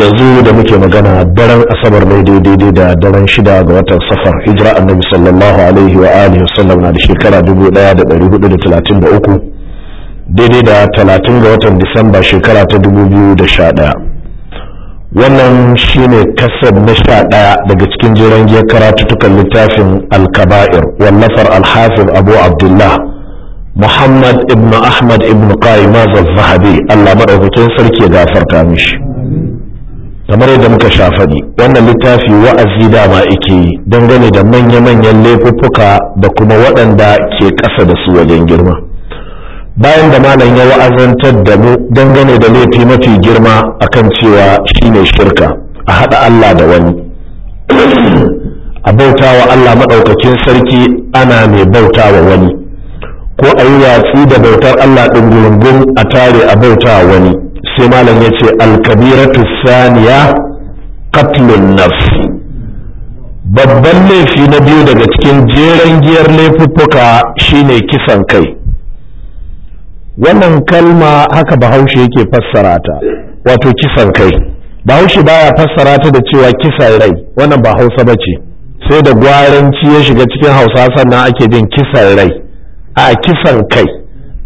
yanzu da muke magana daren asabar mai daidai da daren shida ga watan safar hijira annabi sallallahu alaihi wa alihi wasallam na da shekara 1433 daidai da 30 ga watan disamba shekara ta 2011 wannan shine kasar na sha ɗaya daga cikin jiran giyar karatuttukan littafin alkaba'ir wallafar alhafin abu abdullah muhammad ibn ahmad ibn qayyim zahabi allah maɗaukakin sarki ya gafarta mishi kamar yadda muka sha wannan littafi wa'azi dama ike yi dangane da manya-manyan laifuffuka da kuma waɗanda ke ƙasa da su wajen girma bayan da malam ya wa'azantar da mu dangane da laifi mafi girma akan cewa shine shirka a haɗa Allah da wani a bautawa Allah maɗaukakin sarki ana mai bauta wa wani ko a yi watsi da bautar Allah ɗungurungun a tare a bautawa wani sai malam ya ce alkabiratu saniya Katlun nafs babban laifi na biyu daga cikin jeren giyar laifuffuka shine kisan kai wannan kalma haka bahaushe yake fassara ta wato kisan kai bahaushe baya fassara ta da cewa kisan rai wannan ba hausa ba ce sai da gwaranci ya shiga cikin hausa sannan ake jin kisan rai a kisan kai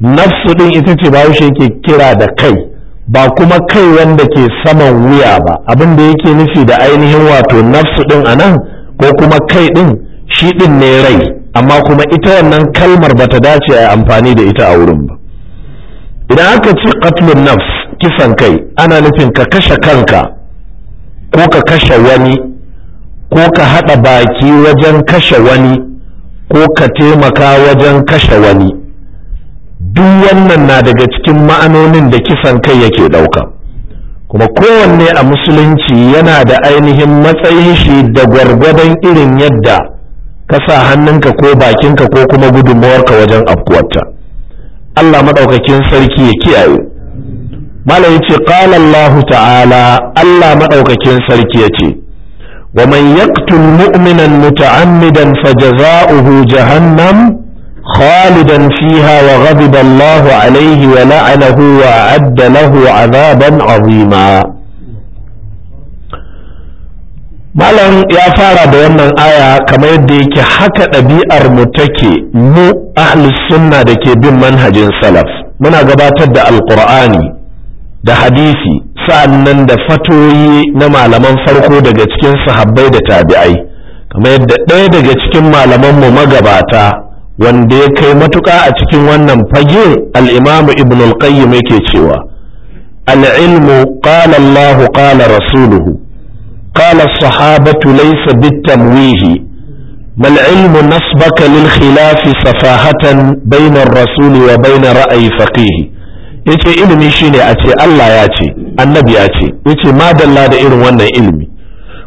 nafsu din ita ce bahaushe yake kira da kai ba kuma kai wanda ke saman wuya ba abin da yake nufi da ainihin wato nafsu din a nan ko kuma kai din shi din ne rai amma kuma ita wannan kalmar ba ta dace a amfani da ita a wurin ba idan aka ci qatlun nafs kisan kai ana nufin ka kashe kanka ko ka kashe wani ko ka haɗa baki wajen kashe wani ko ka taimaka wajen kashe wani duk wannan na daga cikin ma'anonin da kisan kai yake ɗauka kuma kowanne a musulunci yana da ainihin matsayin shi da gwargwadon irin yadda ka sa hannunka ko bakinka ko kuma gudunmawarka wajen afkuwarta Allah maɗaukakin sarki ya kiyaye malam ya ce Allahu ta'ala Allah maɗaukakin sarki ya ce wa man yaqtul mu'minan muta'ammidan fajaza'uhu jahannam خالدا فيها وغضب الله عليه ولعنه وأعد له عذابا عظيما malam ya fara da wannan aya kamar yadda yake haka ɗabi'ar mu take mu ahli sunna da ke bin manhajin salaf muna gabatar da alqur'ani da hadisi sa'annan da fatoyi na malaman farko daga cikin sahabbai da tabi'ai kamar yadda ɗaya daga cikin malaman mu magabata wanda ya kai matuƙa a cikin wannan fage al'imamu ibn al-qayyim yake cewa al'ilmu qala Allahu qala rasuluhu qala sahabatu laysa bitamwihi Mal'ilmu ilmu nasbaka lil khilafi safahatan bayna ar-rasul wa bayna ra'yi faqih yace ilimi shine a ce Allah ya ce annabi ya ce yace madalla da irin wannan ilimi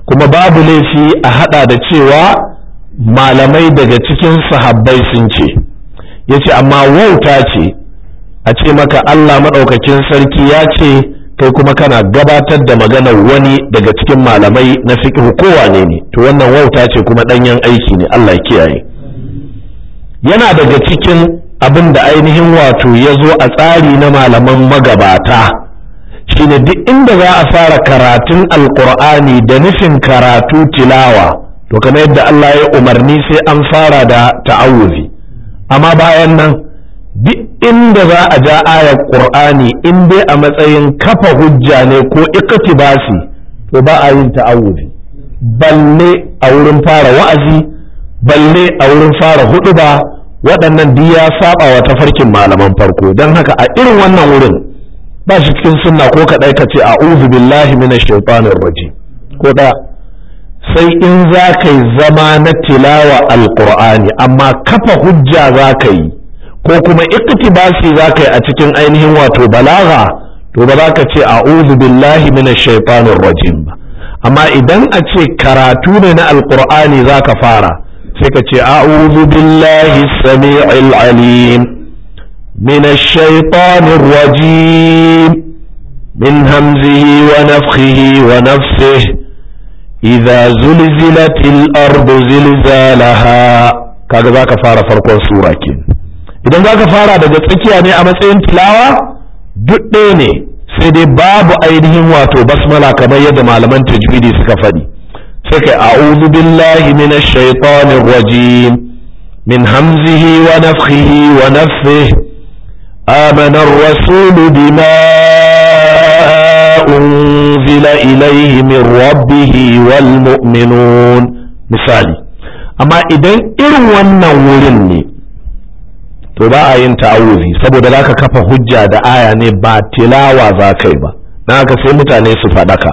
kuma babu laifi a hada da cewa malamai daga cikin sahabbai sun ce yace amma wauta ce a ce maka Allah maɗaukakin sarki ya ce kai kuma kana gabatar da maganar wani daga cikin malamai na fiqh kowa ne ne to wannan wauta ce kuma ɗanyen aiki ne Allah kiyaye yana daga cikin abin da ainihin wato ya zo a tsari na malaman magabata shine duk inda za a fara karatun alkur'ani da nufin karatu tilawa to kamar yadda Allah ya umarni sai an fara da ta'awuzi amma bayan nan duk inda za a ja ayar qur'ani in dai a matsayin kafa hujja ne ko iktibasi to ba a yin ta'awuzi balle a wurin fara wa'azi balle a wurin fara huduba waɗannan duk ya saba wa tafarkin malaman farko don haka a irin wannan wurin ba shi cikin sunna ko kaɗai ka ce a'udhu billahi minash shaitanir rajim ko ɗaya sai in za ka yi zama na tilawa alƙur'ani amma kafa hujja za ka yi ko kuma iktibasi za ka yi a cikin ainihin wato balaga to ba za ka ce a'udhu billahi minash shaitanir rajim ba amma idan a ce karatu ne na alƙur'ani za ka fara sai ka ce a'udhu billahi samii'il alim minash shaitanir rajim min hamzihi wa nafthihi wa nafsihi idza zulzilatil ardu zilzalaha kaga zaka fara farkon sura ke idan zaka fara daga tsakiya ne a matsayin tilawa duk ne sai dai babu ainihin wato basmala kamar yadda malaman tajwidi suka faɗi sai kai a'udhu billahi minash shaitanir rajim min hamzihi wa nafthihi wa nafthihi amana ar-rasul أنزل إليه من ربه والمؤمنون مثالي أما إذن إروان ورني to ba a yin ta'awuzi saboda zaka kafa hujja da aya ne ba tilawa za kai ba na haka sai mutane su faɗaka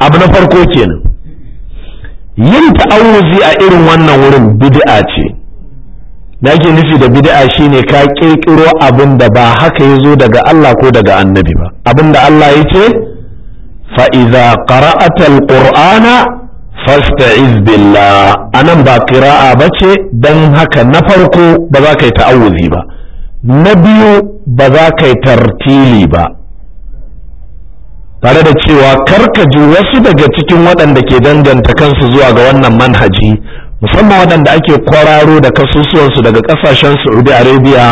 abu na farko kenan yin ta'awuzi a irin wannan wurin bid'a ce da ke nufi da bid'a shine ka ƙirƙiro abin da ba haka ya zo daga Allah ko daga annabi ba abin da Allah ya ce fa'iza ƙara'atar ƙur'ana fasta'iz billah a nan ba ƙira'a ba ce don haka na farko ba za ka ta'awuzi ba na biyu ba za tartili ba tare da cewa karkaji wasu daga cikin waɗanda ke danganta kansu zuwa ga wannan manhaji musamman waɗanda ake kwararo da kasusuwansu daga ƙasashen saudi arabia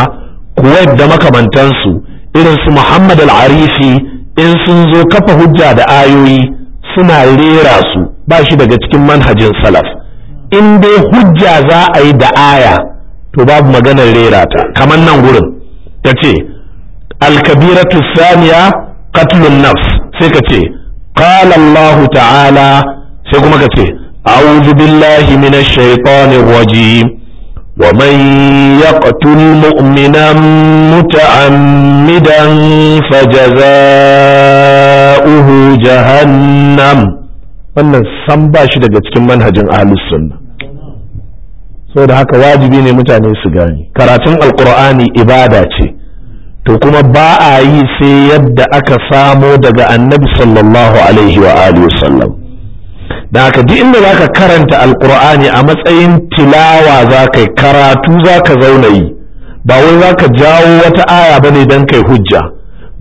kuwait da makamantansu irin su muhammad al-arifi in sun zo kafa hujja da ayoyi suna rera su ba shi daga cikin manhajin salaf in dai hujja za a yi da aya to babu maganar rera ta kamar nan gurin ta ce alkabiratu saniya qatlun nafs sai ka ce qala Allah ta'ala sai kuma ka ce a'udhu billahi minash shaitanir rajim ومن يقتل مؤمنا متعمدا فجزاؤه جهنم wannan san ba shi daga cikin manhajin ahlus sunna da haka wajibi ne mutane su gane karatun alkur'ani ibada ce to kuma ba a yi sai yadda aka samo daga annabi sallallahu alaihi wa alihi wasallam da haka duk inda zaka karanta alkur'ani a matsayin tilawa za ka yi karatu za ka zauna yi ba wai za ka jawo wata aya ba ne don kai hujja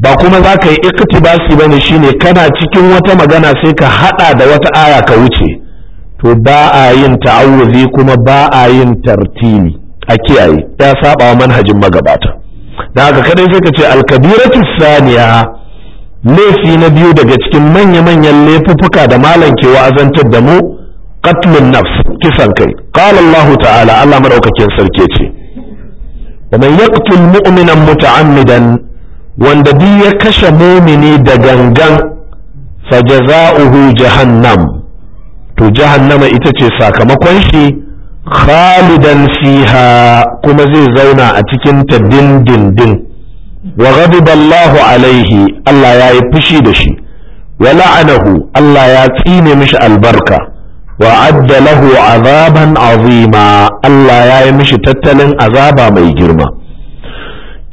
ba kuma za ka yi iktibasi ba ne shine kana cikin wata magana sai ka haɗa da wata aya ka wuce to ba a yin ta'awuzi kuma ba a yin tartili a kiyaye ya saba wa manhajin magabata da haka kadai sai ka ce alkabiratu saniya laifi na biyu daga cikin manya-manyan laifuffuka da malam ke wa'azantar da mu qatlun nafs kisan kai qala Allah ta'ala Allah madaukakin sarki ce wa man yaqtul mu'minan muta'ammidan wanda bi ya kashe mumini da gangan fa fajaza'uhu jahannam to jahannama ita ce sakamakon shi khalidan fiha kuma zai zauna a cikin ta dindindin wa ghadiba Allah alaihi Allah ya yi fushi da shi wa la'anahu Allah ya tsine mishi albarka wa adda lahu azaban azima Allah ya yi mishi tattalin azaba mai girma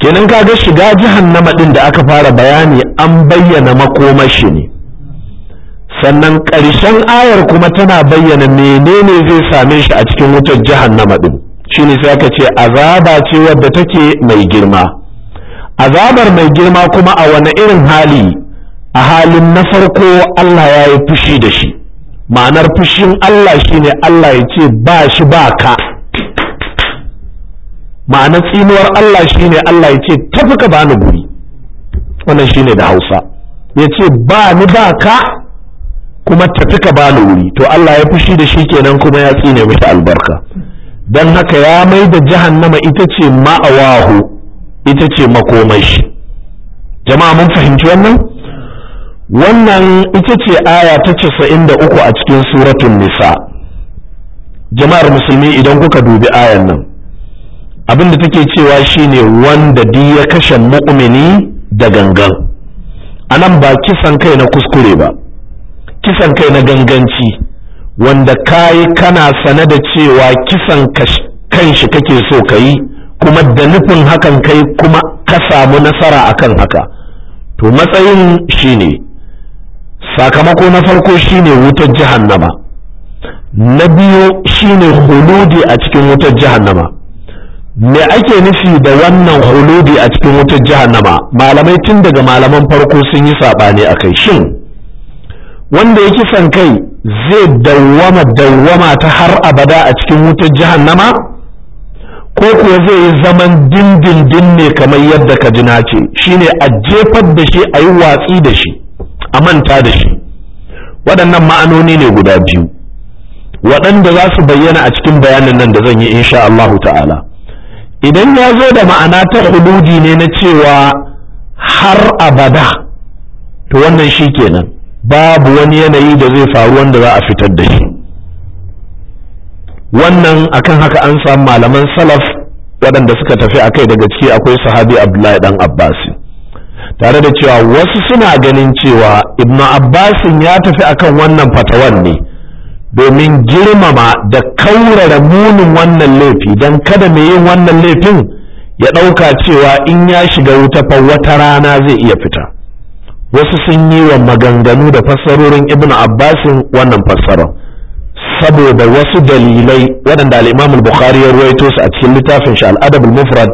kenan kaga shiga jahannama din da aka fara bayani an bayyana makomashi ne sannan ƙarshen ayar kuma tana bayyana menene zai same shi a cikin wutar jahannama din shine sai aka ce azaba ce wadda take mai girma azabar mai girma kuma a wani irin hali a halin na farko Allah ya yi fushi da shi ma'anar fushin Allah shine Allah ya ce ba shi ba ka ma'anar tsinuwar Allah shine Allah ya ce tafi ka bani guri wannan shine da Hausa ya ce ba ni ba ka kuma tafi ka bani guri, to Allah ya fushi da shi kenan kuma ya tsine mishi albarka don haka ya mai da jahannama ita ce ma'awahu ita ce makomai jama'a mun fahimci wannan wannan ita ce aya ta casa'in da uku a cikin suratun nisa jama'ar musulmi idan kuka dubi ayan nan abin da take cewa shine wanda di ya kashe mu'mini da gangan Anan ba kisan kai na kuskure ba kisan kai na ganganci wanda kayi kana sane da cewa kisan kanshi kake so ka kuma da nufin hakan kai kuma ka samu nasara akan haka to matsayin shine sakamako na farko shine wutar nama. na biyu shine huludi a cikin wutar jahannama me ake nufi da wannan huludi a cikin wutar nama? malamai tun daga malaman farko sun yi saɓani a kai shin wanda ya kisan kai zai dawwama dawwama ta har abada a cikin wutar nama? ko kuwa zai yi zaman dindindin ne kamar yadda ka jina ce ce shine a jefar da shi a yi watsi da shi a manta da shi waɗannan ma'anoni ne guda biyu waɗanda za su bayyana a cikin bayanin nan da zan yi insha Allahu ta'ala idan ya zo da ma'ana ta huludi ne na cewa har abada to wannan shi kenan babu wani yanayi da zai faru wanda za a fitar da shi wannan akan haka an samu malaman salaf waɗanda suka tafi a kai daga ciki akwai sahabi abdullahi dan abbasi tare da cewa wasu suna ganin cewa ibn abbasin ya tafi akan wannan fatawan ne domin girmama da kaurara munin wannan laifi don kada mai yin wannan laifin ya ɗauka cewa in ya shiga wuta fa wata rana zai iya fita wasu sun yi wa maganganu da fassarorin ibn abbasin wannan fassarar saboda wasu dalilai waɗanda al-Imam bukhari ya ruwaito su a cikin littafin shi al-Adab mufrad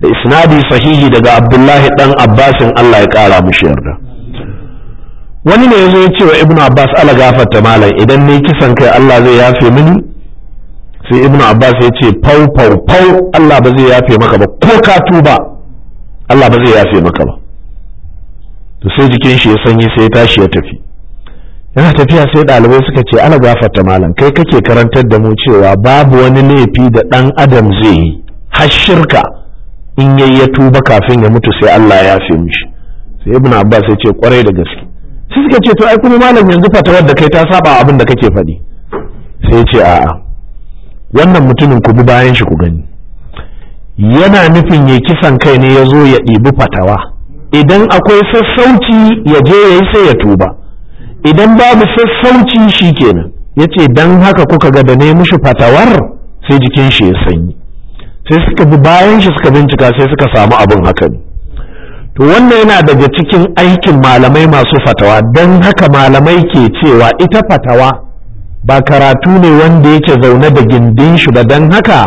da isnadi sahihi daga Abdullahi ɗan Abbasin Allah ya kara mushi yarda wani ne yazo ya ce wa Ibn Abbas ala gafarta malam idan ne kisan kai Allah zai yafe mini sai Ibn Abbas ya ce pau pau pau Allah ba zai yafe maka ba ko ka tuba Allah ba zai yafe maka ba to sai jikin shi ya sanyi sai tashi ya tafi yana tafiya sai ɗalibai suka ce ana gafarta malam kai kake karantar da mu cewa babu wani laifi da ɗan adam zai yi har shirka in yayi ya tuba kafin ya mutu sai Allah ya fi mishi sai ibn abbas ya ce kwarai da gaske sai suka ce to ai kuma malam yanzu fatawar da kai ta saba abin da kake faɗi sai ya ce a'a wannan mutumin ku bi bayan shi ku gani yana nufin ya kisan kai ne ya zo ya ɗibi fatawa idan akwai sassauci ya je ya yi sai ya tuba idan babu sassauci shi kenan ya ce don haka kuka ga da ne shi fatawar sai jikin shi ya sanyi sai suka bi bayan shi suka bincika sai suka samu abin haka to wannan yana daga cikin aikin malamai masu fatawa don haka malamai ke cewa ita fatawa ba karatu ne wanda yake zaune da gindin shi ba don haka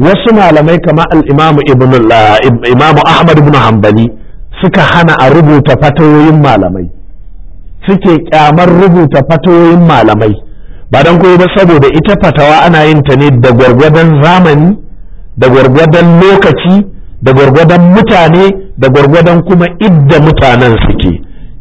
wasu malamai kama al'imamu ah, imamu ahmad ibn hanbali suka hana a rubuta fatawoyin malamai suke kyamar rubuta fatoyin malamai ba don koyi ba saboda ita fatawa ana yin ta ne da gwargwadon zamani da gwargwadon lokaci da gwargwadon mutane da gwargwadon kuma idda mutanen suke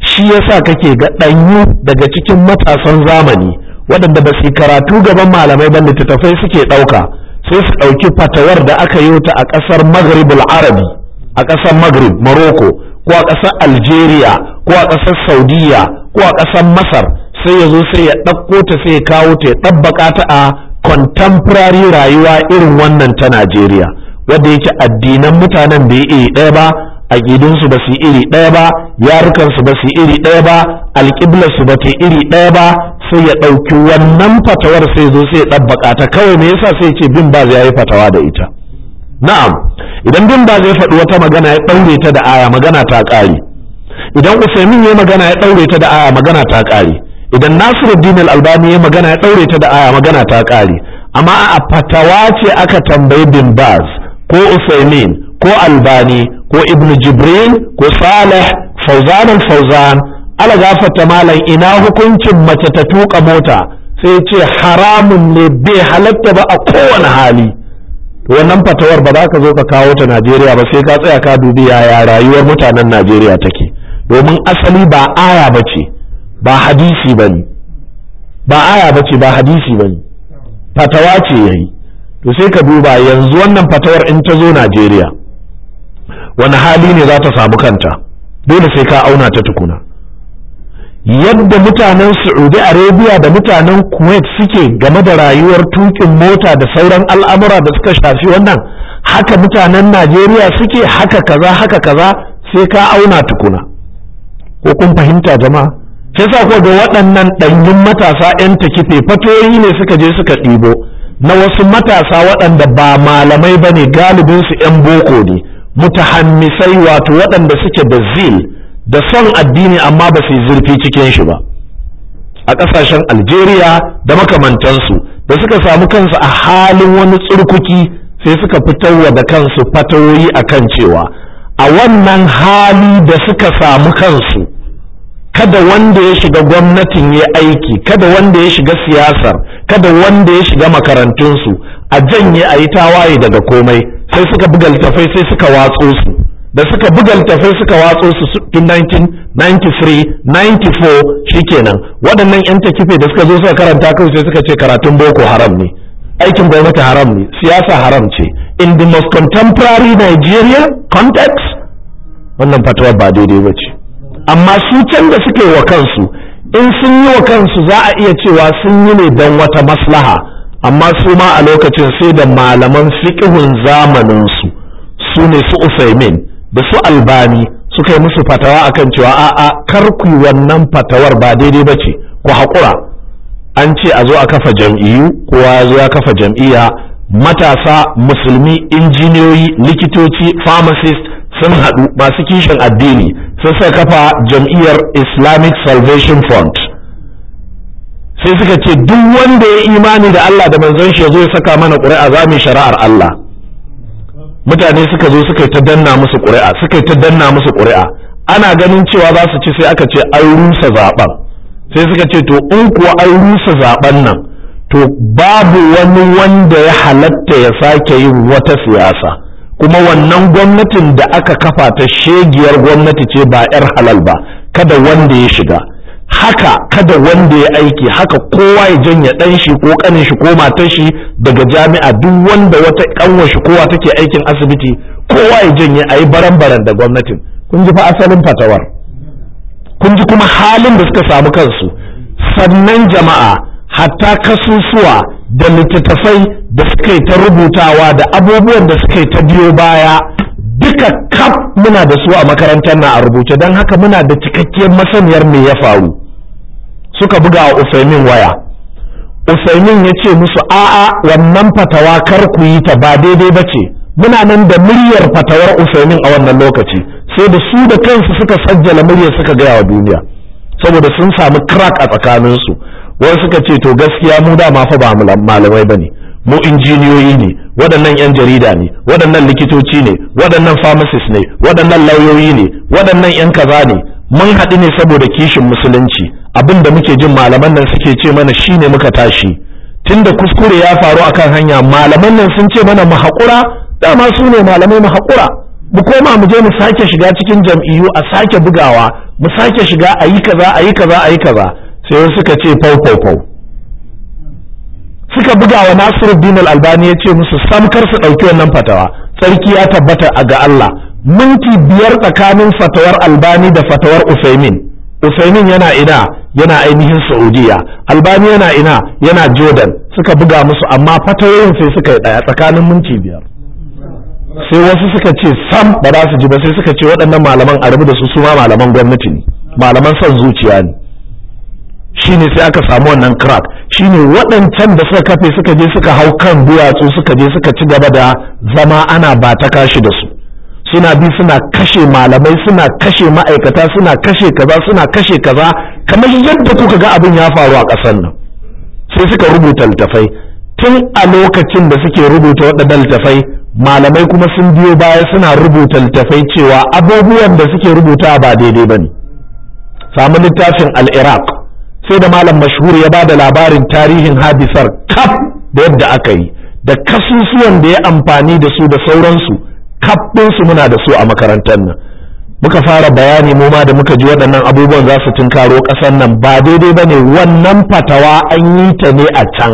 shi yasa kake ga ɗanyu daga cikin matasan zamani waɗanda ba su karatu gaban malamai ba littattafai suke ɗauka sai su ɗauki fatawar da aka yi ta a ƙasar al arabi a ƙasar maghrib Maroko. ko a ƙasar algeria ko a ƙasar saudiya ko a ƙasar masar sai ya zo sai ya ɗauko ta sai ya kawo ta ya ɗabbaka ta a contemporary rayuwa irin wannan ta najeriya wadda yake addinan mutanen bai iri ɗaya ba aƙidunsu ba su iri ɗaya ba yarukansu ba su iri ɗaya ba alƙiblarsu ba ta iri ɗaya ba sai ya ɗauki wannan fatawar sai zo sai ya ɗabbaka ta kawai me yasa sai ce bin ba zai yi fatawa da ita na'am idan bin ba zai faɗi wata magana ya ɗaure ta da aya magana ta ƙare idan usaimin ya magana ya ɗaure ta da aya magana ta ƙare idan nasiruddin al-albani ya magana ya ɗaure ta da aya magana ta ƙare amma a fatawa ce aka tambayi bin baz ko usaimin ko albani ko ibn jibril ko salih fauzan al-fauzan ala gafata malam ina hukuncin mace ta tuka mota sai ce haramun ne bai halatta ba a kowane hali wannan fatawar ba za ka zo ka kawo ta Najeriya ba sai ka tsaya ka dubi yaya rayuwar mutanen Najeriya take domin asali ba aya ba ce ba hadisi bane ba aya bace ba hadisi bane fatawa ce yayi to sai ka duba yanzu wannan fatawar in ta zo Najeriya wani hali ne za ta samu kanta dole sai ka auna ta tukuna yadda mutanen saudi arabia da mutanen kuwait suke game da rayuwar tukin mota da sauran al'amura da suka shafi wannan haka mutanen najeriya suke haka kaza haka kaza sai ka auna tukuna ko kun fahimta jama'a sai sa ko da waɗannan ɗanyun matasa 'yan takife fatoyi ne suka je suka ɗibo na wasu matasa waɗanda ba malamai ba ne galibinsu 'yan boko ne mutahammisai wato waɗanda suke da zil da son addini amma ba su yi zurfi cikin shi ba a ƙasashen algeria da makamantansu da suka samu kansu a halin wani tsurkuki sai suka fitarwa da kansu fatawoyi a kan cewa a wannan hali da suka samu kansu kada wanda ya shiga gwamnatin ya aiki kada wanda ya shiga siyasar kada wanda ya shiga makarantunsu a janye a yi tawaye daga komai sai suka buga littafai sai suka watso su da suka buga littafai suka watso su tun 1993 94 shikenan waɗannan yan takife da suka zo suka karanta kawai sai suka ce karatun boko haram ne aikin gwamnati haram ne siyasa haram ce in the most contemporary Nigeria context wannan fatawa ba daidai ba ce amma su can da suke wa kansu in sun yi wa kansu za a iya cewa sun yi ne don wata maslaha amma su ma a lokacin sai da malaman fiƙihun zamaninsu su ne su Usaimin da su albani suka yi musu fatawa akan cewa a'a kar ku wannan fatawar ba daidai ba ce ku haƙura an ce a zo a kafa jam'iyyu kowa ya zo ya kafa jam'iyya matasa musulmi injiniyoyi likitoci pharmacist sun haɗu masu kishin addini sun sai kafa jam'iyyar islamic salvation front sai suka ce duk wanda ya imani da allah da manzon shi ya zo ya saka mana ƙuri'a za mu shari'ar allah mutane suka zo suka yi ta danna musu ƙuri'a suka yi ta danna musu ƙuri'a ana ganin cewa za su ci sai aka ce an rusa zaben sai suka ce to in kuwa an rusa zaben nan to babu wani wanda ya halatta ya sake yin wata siyasa kuma wannan gwamnatin da aka kafa ta shegiyar gwamnati ce ba 'yar halal ba kada wanda ya shiga haka kada wanda ya aiki haka kowa ya janye ɗan shi ko ƙanin shi ko matar shi daga jami'a duk wanda wata ƙanwar shi kowa take aikin asibiti kowa ya janye a yi baran-baran da gwamnatin kun ji fa asalin fatawar kun ji kuma halin da suka samu kansu sannan jama'a hatta kasusuwa da littattafai da suka yi ta rubutawa da abubuwan da suka yi ta biyo baya duka kaf muna da su a makarantar na a rubuce don haka muna da cikakkiyar masaniyar me ya faru suka buga a usaimin waya usaimin ya ce musu a'a wannan fatawa kar ku yi ta ba daidai ba ce muna nan da muryar fatawar usaimin a wannan lokaci sai da su da kansu suka sajjala muryar suka gaya wa duniya saboda sun samu crack a tsakaninsu wani suka ce to gaskiya mu dama fa ba malamai ba ne mu injiniyoyi ne waɗannan 'yan jarida ne waɗannan likitoci ne waɗannan pharmacist ne waɗannan lauyoyi ne waɗannan 'yan kaza ne mun haɗu ne saboda kishin musulunci abin da muke jin malaman nan suke ce mana shine muka tashi tunda kuskure ya faru akan hanya malaman nan sun ce mana mu haƙura dama su ne malamai mu haƙura mu koma mu je mu sake shiga cikin jam'iyyu a sake bugawa mu sake shiga a yi kaza a yi kaza a yi kaza sai suka ce fau fau fau suka buga wa Nasiruddin Al-Albani ya ce musu samkar su ɗauki wannan fatawa sarki ya tabbata a ga Allah minti biyar tsakanin fatawar Albani da fatawar Usaimin Usaimin yana ina yana ainihin Saudiya Albani yana ina yana Jordan suka buga musu amma fatawoyin sai suka yi ɗaya tsakanin minti biyar sai wasu suka ce sam ba za su ji ba sai suka ce waɗannan malaman a da su su ma malaman gwamnati ne malaman son zuciya ne shine sai aka samu wannan crack shine waɗancan da suka kafe suka je suka hau kan duwatsu suka je suka ci gaba da zama ana ba ta kashi da su suna bi suna kashe malamai suna kashe ma'aikata suna kashe kaza suna kashe kaza kamar yadda kuka ga abin ya faru a ƙasar nan sai suka rubuta littafai tun a lokacin da suke rubuta waɗannan littafai malamai kuma sun biyo baya suna rubuta littafai cewa abubuwan da suke rubuta ba daidai ba ne samu littafin al sai da malam mashhur ya ba da labarin tarihin hadisar kaf da yadda aka yi da kasusuwan da ya amfani da su da sauransu kaf ɗinsu muna da su a makarantar nan muka fara bayani mu ma da muka ji waɗannan abubuwan za su tunkaro ƙasar nan ba daidai ba ne wannan fatawa an yi ta ne a can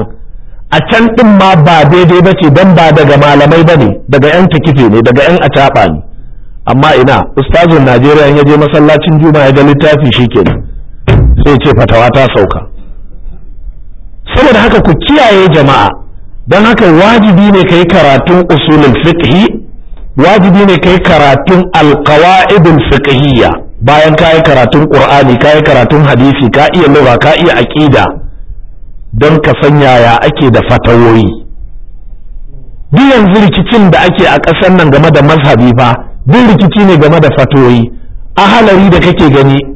a can ɗin ma ba daidai ba ce don ba daga malamai ba ne daga 'yan takife ne daga 'yan ataɓa ne amma ina ustazin najeriya ya je masallacin juma'a ya ga littafi shi kenan sai ce fatawa ta sauka saboda haka ku kiyaye jama'a don haka wajibi ne ka yi karatun usulin fiqhi wajibi ne ka yi karatun alkawa'idin fiqhiyya bayan ka yi karatun ƙur'ani ka yi karatun hadisi ka iya lura ka iya aƙida don ka san yaya ake da fatawoyi duk yanzu rikicin da ake a ƙasar nan game da mazhabi ba duk rikici ne game da fatawoyi. ahalari da kake gani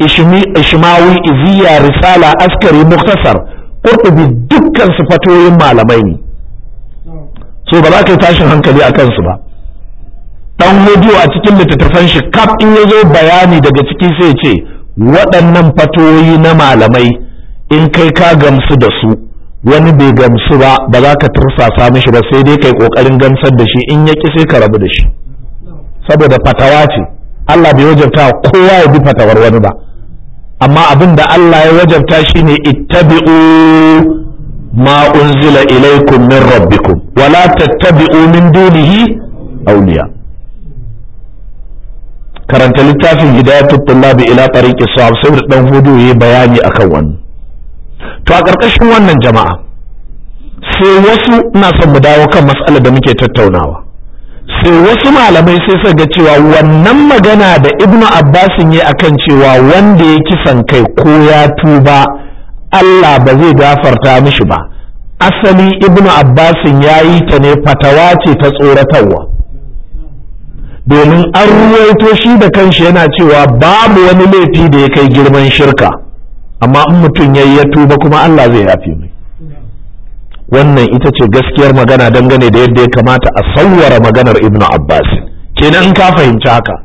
ishmawi iziya risala askari muktasar qurtubi dukkan su fatoyin malamai ne so ba za ka yi tashin hankali a kansu ba dan hudu a cikin littattafan shi kaf in ya zo bayani daga cikin sai ce waɗannan fatoyi na malamai in kai ka gamsu da su wani bai gamsu ba ba za ka tursasa mishi ba sai dai kai kokarin gamsar da shi in ya ki sai ka rabu da shi saboda fatawa ce Allah bai wajabta kowa ya bi fatawar wani ba amma abin da Allah ya wajabta shine ittabi'u ma unzila ilaykum min rabbikum wa la tattabi'u min dunihi awliya karanta littafin hidayatul tullabi ila tariqi sawab sai dan hudu yayi bayani akan wannan to a karkashin wannan jama'a sai wasu ina son mu dawo kan matsalar da muke tattaunawa sai wasu malamai sai sa ga cewa wannan magana da ibnu abbasin ya akan cewa wanda ya kisan kai ko ya tuba Allah ba zai gafarta mishi ba asali ibnu abbasin ya yi ta ne fatawa ce ta tsoratarwa domin an ruwaito shi da kanshi yana cewa babu wani laifi da ya kai girman shirka amma in mutum ya yi ya tuba kuma Allah zai yafi mai wannan ita ce gaskiyar magana dangane da yadda ya kamata a sauwara maganar ibn abbas kenan in ka fahimci haka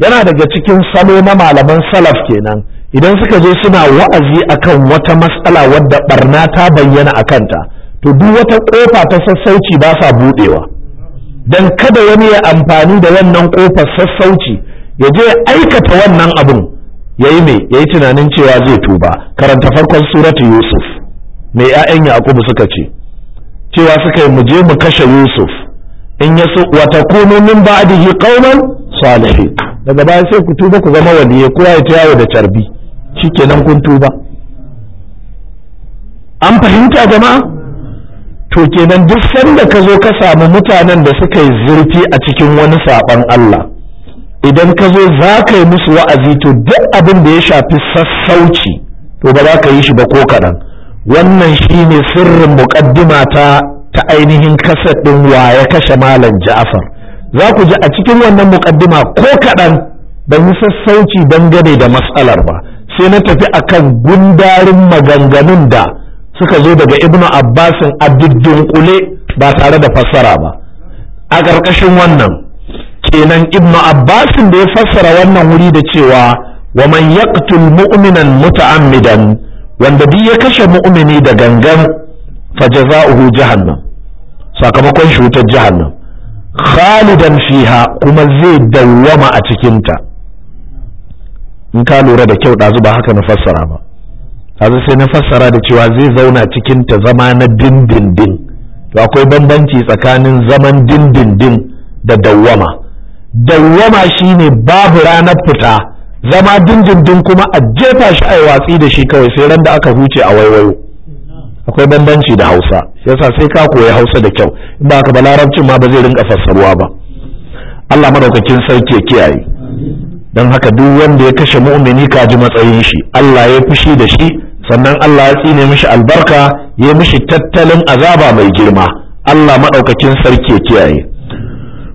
yana daga cikin salo na malaman salaf kenan idan suka je suna wa'azi akan wata matsala wadda barna ta bayyana a kanta to duk wata kofa ta sassauci ba sa buɗewa, dan kada wani ya amfani da wannan kofar sassauci ya je aikata wannan abun yayi me yayi tunanin cewa zai tuba karanta farkon suratu yusuf mai ‘ya'yan yakubu suka ce cewa suka yi muje mu kashe yusuf in ya so wata kunu min dihi qauman salihi daga baya sai ku tuba ku zama waliye kowa ya ta yawo da carbi shi kenan kun tuba an fahimta jama'a to kenan duk sanda ka zo ka samu mutanen da suka yi zurfi a cikin wani saɓon Allah idan ka zo za ka yi musu wa'azi to duk abin da ya shafi sassauci to ba za ka yi shi ba ko kaɗan wannan shi ne sirrin muƙaddima ta ta ainihin kaset ɗin wa ya kashe malam ja'afar za ku ji a cikin wannan muƙaddima ko kaɗan ban yi sassauci dangane da matsalar ba sai na tafi a kan gundarin maganganun da suka zo daga ibnu abbasin a kule ba tare da fassara ba a ƙarƙashin wannan kenan ibnu abbasin da ya fassara wannan wuri da cewa wa man yaqtul mu'minan muta'ammidan wanda duk ya kashe mu'mini da gangan fa jaza'uhu jahannam sakamakon shi wutar jahannam khalidan fiha kuma zai dawwama a cikinta in ka lura da kyau ɗazu ba haka na fassara ba ɗazu sai na fassara da cewa zai zauna cikin ta zama na dindindin to akwai bambanci tsakanin zaman dindindin da dawwama dawwama shine babu ranar fita zama dindindin kuma a jefa shi a watsi da shi kawai sai randa aka huce a waiwayo akwai bambanci da hausa yasa sai ka koyi hausa da kyau in ba ka ba larabcin ma ba zai rinka fassaruwa ba Allah madaukakin sarki ya kiyaye dan haka duk wanda ya kashe mu'mini ka ji matsayin shi Allah ya fushi da shi sannan Allah ya tsine mishi albarka ya mishi tattalin azaba mai girma Allah madaukakin sarki ya kiyaye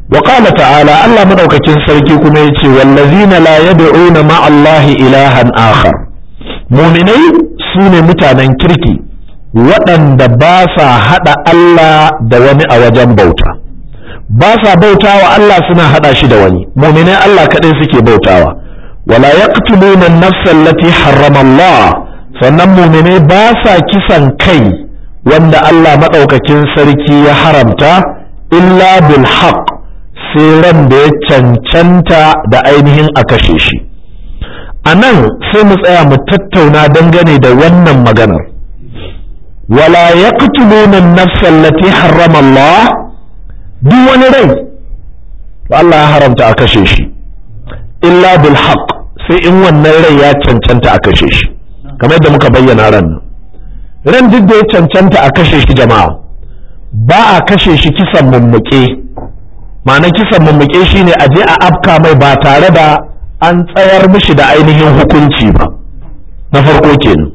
wa qala ta'ala Allah madaukakin sarki kuma yace wallazina la yad'una ma Allahi ilahan akhar mu'minai sune mutanen kirki waɗanda ba sa haɗa Allah da wani a wajen bauta ba sa bautawa Allah suna haɗa shi da wani mu'minai Allah kaɗai suke bautawa wala yaqtuluna an-nafsa allati harrama Allah sannan mu'minai ba sa kisan kai wanda Allah maɗaukakin sarki ya haramta illa bil haqq sai ran da ya cancanta da ainihin a kashe shi a nan sai mu tsaya mu tattauna dangane da wannan maganar wala ya kutulunan nafsan lati Lawa? duk wani rai Allah ya haramta a kashe shi illa bil haq sai in wannan rai ya cancanta a kashe shi kamar yadda muka bayyana ran ran duk da ya cancanta a kashe shi jama'a ba a kashe shi kisan mummuke ma'ana kisan mummuke shi ne a je a afka mai ba tare da an tsayar mishi da ainihin hukunci ba na farko kenan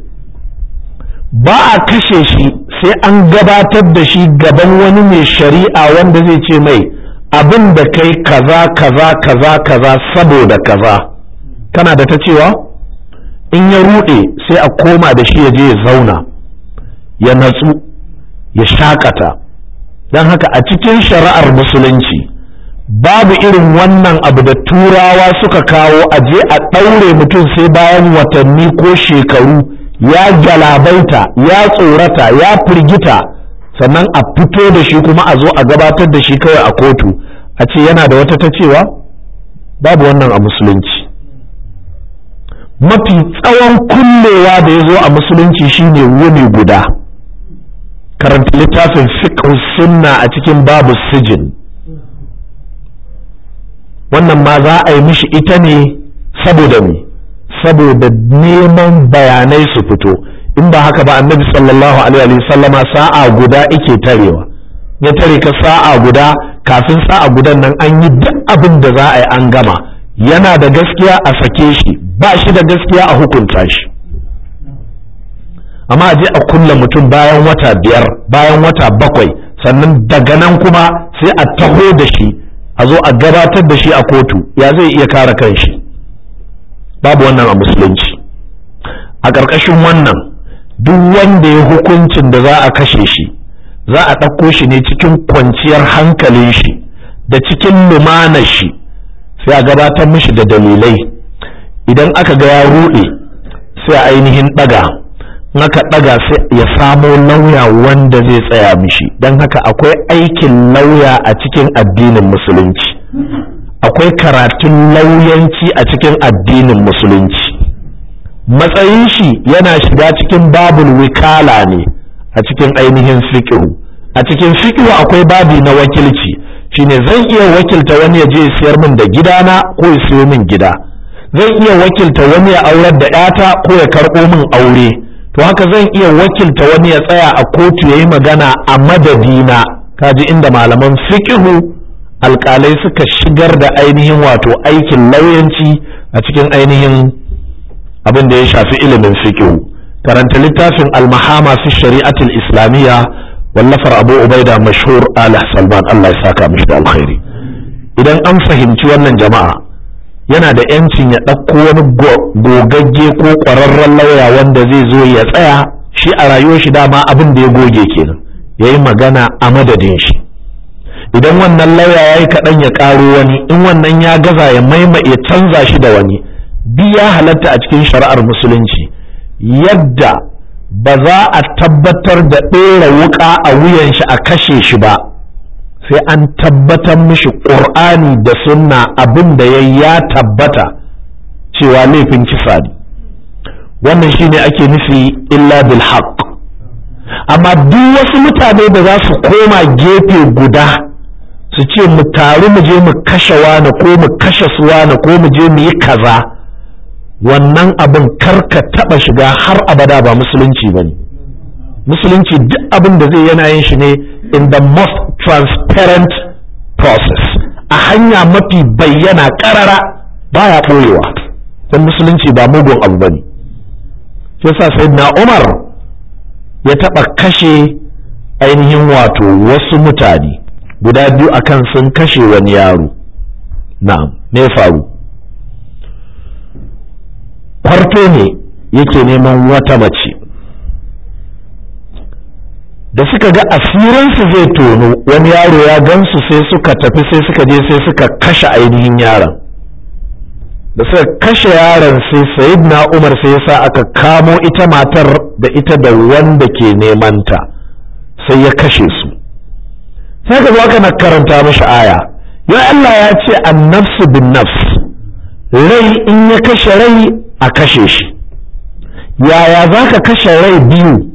ba a kashe shi sai an gabatar da shi gaban wani mai shari'a wanda zai ce mai abin da kai kaza kaza kaza kaza saboda kaza kana da ta cewa in ya ruɗe sai a koma da shi ya je ya zauna ya natsu ya shakata don haka a cikin shari'ar musulunci babu irin wannan abu da turawa suka kawo a je a ɗaure mutum sai bayan watanni ko shekaru ya galabaita ya tsorata ya firgita sannan a fito da shi kuma a zo a gabatar da shi kawai a kotu a ce yana da wata ta cewa babu wannan a musulunci mafi tsawon kullewa da ya zo a musulunci shine wuni guda karanta littafin fiqh sunna a cikin babu sijin wannan ma za a yi mishi ita ne saboda me saboda neman bayanai su fito in ba haka ba annabi sallallahu alaihi sallama sa'a guda ike tarewa ya tare ka sa'a guda kafin sa'a gudan nan an yi duk abin da za a yi an gama yana da gaskiya a sake shi ba shi da gaskiya a hukunta shi amma a je a kulle mutum bayan wata biyar bayan wata bakwai sannan daga nan kuma sai a taho da shi a zo a gabatar da shi a kotu ya zai iya kare kanshi babu wannan a musulunci a ƙarƙashin wannan duk wanda ya hukuncin da za a kashe shi za a ɗauko shi ne cikin kwanciyar hankalin shi da cikin lumanar shi sai a gabatar mishi da dalilai idan aka ga ya ruɗe sai a ainihin ɗaga Naka ɗaga sai ya samo lauya wanda zai tsaya mishi don haka akwai aikin lauya a cikin addinin musulunci akwai karatun lauyanci a cikin addinin musulunci matsayin shi yana shiga cikin babul wikala ne a cikin ainihin sikiru. a cikin sikiru akwai babi na wakilci shine zan iya wakilta wani ya je ya siyar min da gidana ko ya siyo min gida zan iya wakilta wani ya aurar da 'yata ko ya karɓo min aure to haka zan iya wakilta wani ya tsaya a kotu ya yi magana a madadina kaji inda malaman fikihu alkalai suka shigar da ainihin wato aikin lauyanci a cikin ainihin abin da ya shafi ilimin fikihu karanta littafin almahama fi shari'atul islamiyya wallafar abu ubaida mashhur ala salman allah ya saka mishi da alkhairi idan an fahimci wannan jama'a yana da yancin ya ɗauko wani gogagge ko ƙwararren lauya wanda zai zo ya tsaya shi a rayuwar shi dama abin da ya goge kenan ya yi magana a madadin shi idan wannan lauya ya yi kaɗan ya ƙaro wani in wannan ya gaza ya maima ya canza shi da wani biya halatta a cikin shari'ar musulunci yadda ba za a tabbatar da ɗora wuƙa a wuyan shi a kashe shi ba sai an tabbatar mishi ƙur'ani da sunna abin da ya tabbata cewa laifin kisa ne wannan ne ake nufi illa bilhaq. amma duk wasu mutane da za su koma gefe guda su ce mu taru mu je mu kashe wani ko mu kashe su wani ko mu je mu yi kaza wannan abin karka taba shiga har abada ba musulunci ba ne. musulunci duk abin da zai yana yin shi ne in the most transparent process a hanya mafi bayyana karara baya ɓoyewa don musulunci ba mugun abu ba ne. shi yasa sai na umar ya taɓa kashe ainihin wato wasu mutane guda biyu akan sun kashe wani yaro na'am me faru kwarto ne yake neman wata mace da suka ga asirinsu zai tono wani yaro ya gansu sai suka tafi sai suka je sai suka kashe ainihin yaron da suka kashe yaron sai na umar sai sa aka kamo ita matar da ita da wanda ke nemanta sai ya kashe su sai ka zo kana karanta mashi aya ya Allah ya ce annafsu bin nafs rai in ya kashe rai a kashe shi yaya za ka kashe rai biyu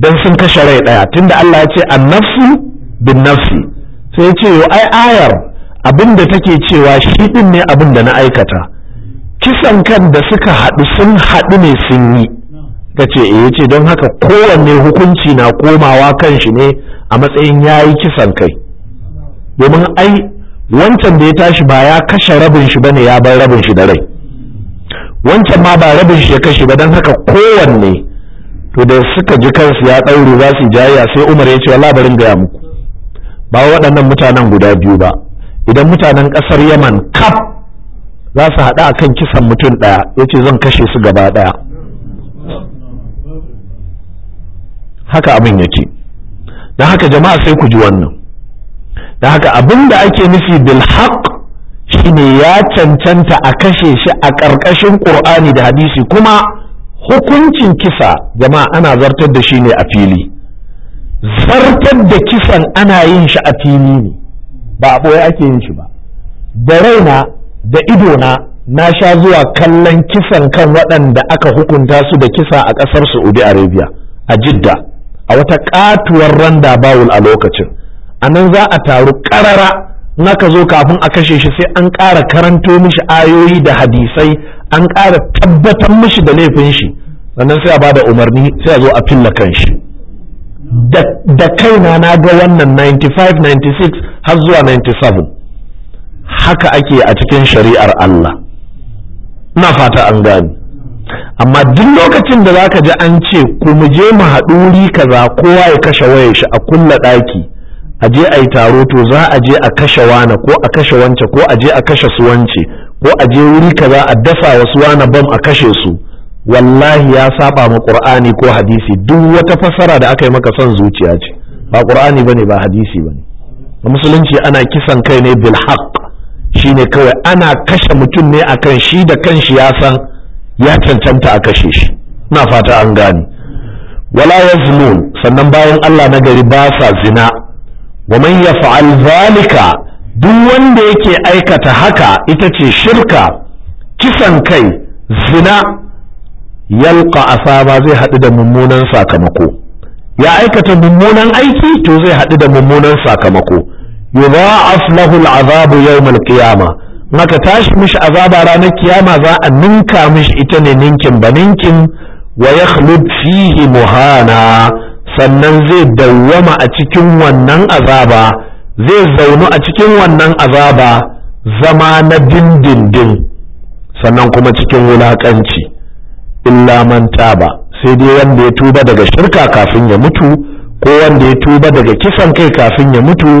don sun kashe rai ɗaya tunda Allah ya ce nafsu bin nafsi sai ya ce yau ai ayar abin da take cewa shi ɗin ne abin da na aikata kisan kan da suka haɗu sun haɗu ne sun yi ka ce eh ce don haka kowanne hukunci na komawa kan shi ne a matsayin ya yi kisan kai domin ai wancan da ya tashi ba ya kashe rabin shi bane ya bar rabin shi da rai wancan ma ba rabin shi ya kashe ba don haka kowanne to da suka ji kansu ya ɗauri za su jaya sai umar ya ce wa barin gaya muku ba waɗannan mutanen guda biyu ba idan mutanen ƙasar yaman kaf za su haɗa a kan kisan mutum ɗaya ya ce zan kashe su gaba ɗaya haka abin yake don haka jama'a sai ku ji wannan don haka abin da ake nufi bil shine ya cancanta a kashe shi a ƙarƙashin ƙur'ani da hadisi kuma hukuncin kisa jama'a ana zartar da shi ne a fili zartar da kisan ana yin shi a fili ne ba a ɓoye ake yin shi ba da raina da idona na sha zuwa kallon kisan kan waɗanda aka hukunta su da kisa a ƙasar saudi arabia a jidda a wata ƙatuwar randa bawul a lokacin a nan za a taru ƙarara naka zo kafin a kashe shi sai an ƙara karanto mishi ayoyi da hadisai an ƙara tabbatar mishi da laifin shi sannan sai a ba da umarni sai a zo a filla kan shi da kaina na ga wannan 95 96 har zuwa 97 haka ake a cikin shari'ar Allah na fata an gani amma duk lokacin da za ka ji an ce ku mu je mu haɗu wuri kaza kowa ya kashe wayar shi a kulla ɗaki a je a yi taro to za a je a kashe wana ko a kashe wance ko a je a kashe su wance ko a je wuri kaza a dafa wasu wana bam a kashe su wallahi ya saba ma qur'ani ko hadisi duk wata fasara da aka yi maka son zuciya ce ba qur'ani bane ba hadisi bane musulunci ana kisan kai ne bil haqq shine kawai ana kashe mutum ne akan shi da kanshi ya san ya cancanta a kashe shi na fata an gane wala yazmun sannan bayan Allah na gari ba sa zina wa man yaf'al zalika duk wanda yake aikata haka ita ce shirka kisan kai zina yalqa asaba zai haɗu da mummunan sakamako ya aikata mummunan aiki to zai haɗu da mummunan sakamako yudha'af lahu al'azabu yawm al-qiyamah maka tashi mishi azaba ranar kiyama za a ninka mishi ita ne ninkin ba ninkin wa yakhlud fihi muhana sannan zai dawwama a cikin wannan azaba zai zaunu a cikin wannan azaba zama na dindindin sannan kuma cikin wulakanci illa man taba sai dai wanda ya tuba daga shirka kafin ya mutu ko wanda ya tuba daga kisan kai kafin ya mutu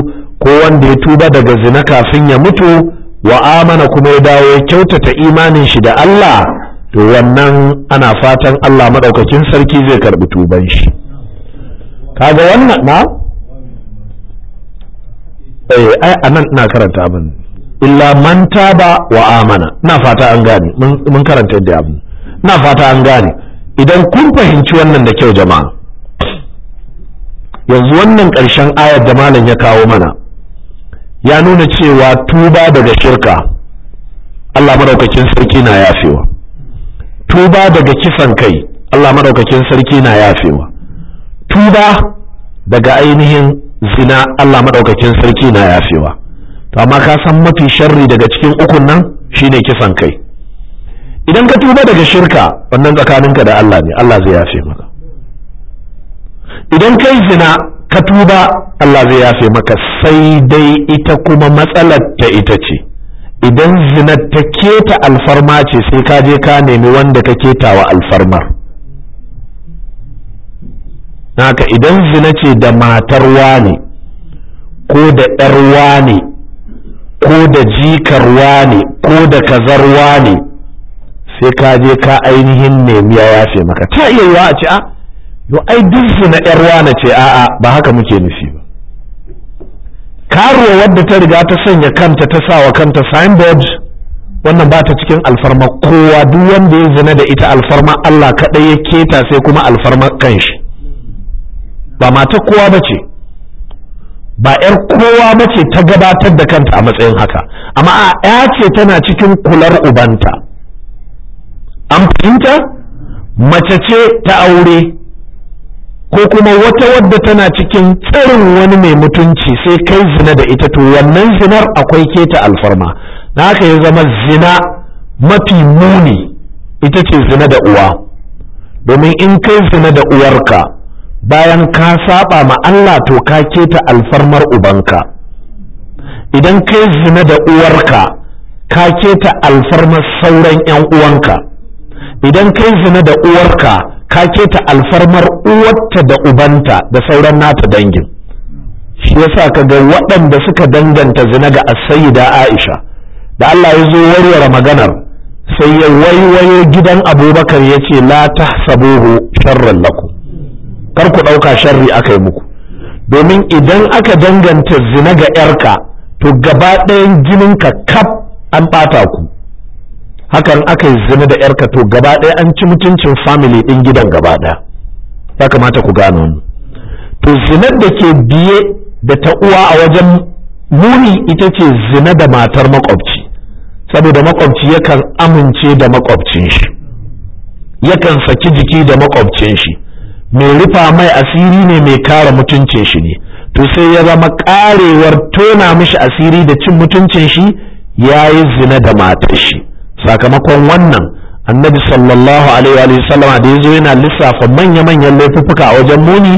ko wanda ya tuba daga zina kafin ya mutu wa amana kuma ya dawo ya kyautata imanin shi da Allah to wannan ana fatan Allah madaukakin sarki zai karbi tuban shi kaga wannan na eh ai anan ina karanta abin illa man taba wa amana ina fata an gane mun karanta yadda abin ina fata an gane idan kun fahimci wannan da kyau jama'a yanzu wannan ƙarshen ayar da malam ya kawo mana ya nuna cewa tuba daga shirka Allah madaukakin sarki na yafewa tuba daga kisan kai Allah madaukakin sarki na yafewa tuba daga ainihin zina Allah maɗaukakin sarki na yafewa to amma ka san mafi sharri daga cikin ukun nan shine kisan kai idan ka tuba daga shirka wannan tsakaninka da Allah ne Allah zai yafe maka idan kai zina ka tuba Allah zai yafe maka sai dai ita kuma matsalar ta ita ce idan zina ta keta alfarma ce sai ka je ka nemi wanda ka ketawa alfarmar naka idan zina ce da matar wane ko da ‘yar wane ko da jikar wane ko da kazar wane sai ka je ka ainihin nemi ya yafe maka ta iya yiwa a ce a ah, yo ai duk zina ‘yar wane ce a'a ba haka muke nufi ba karuwa wadda ta riga ta sanya kanta ta sa wa kanta signboard wannan ba ta cikin alfarma kowa duk wanda ya zina da ita alfarma Allah kaɗai ya keta sai kuma alfarma kanshi ba mata kowa ba ce ba 'yar kowa ba ce ta gabatar da kanta a matsayin haka amma a 'ya ce tana cikin kular ubanta an fahimta mace ce ta aure ko kuma wata wadda tana cikin tsirin wani mai mutunci sai kai zina da ita to wannan zinar akwai keta alfarma na haka ya zama zina mafi muni ita ce zina da uwa domin in kai zina da uwarka bayan ka saba ma Allah to ka keta alfarmar ubanka idan kai zina da uwarka ka keta alfarmar sauran 'yan uwanka idan kai zina da uwarka ka keta alfarmar uwarta da ubanta da sauran nata dangin shi yasa ka ga waɗanda suka danganta zina ga asayida aisha da Allah ya zo warware maganar sai ya waiwayo gidan abubakar ya ce la tahsabuhu sharran lakum kar ku ɗauka sharri aka yi muku domin idan aka danganta zina ga yarka to gaba ɗayan jininka kaf an ɓata ku hakan aka yi zina da yarka to gaba ɗaya an ci mutuncin family ɗin gidan gaba ɗaya ya kamata ku gano to zinar da ke biye da ta uwa a wajen muni ita ce zina da matar makwabci saboda makwabci yakan amince da makwabcin shi yakan saki jiki da makwabcin shi mai rufa mai asiri ne mai kare mutuncin shi ne to sai ya zama karewar tona mishi asiri da cin mutuncin shi ya yi zina da matar shi sakamakon wannan annabi sallallahu alaihi wa sallama da ya zo yana lissafa manya-manyan laifuffuka a wajen muni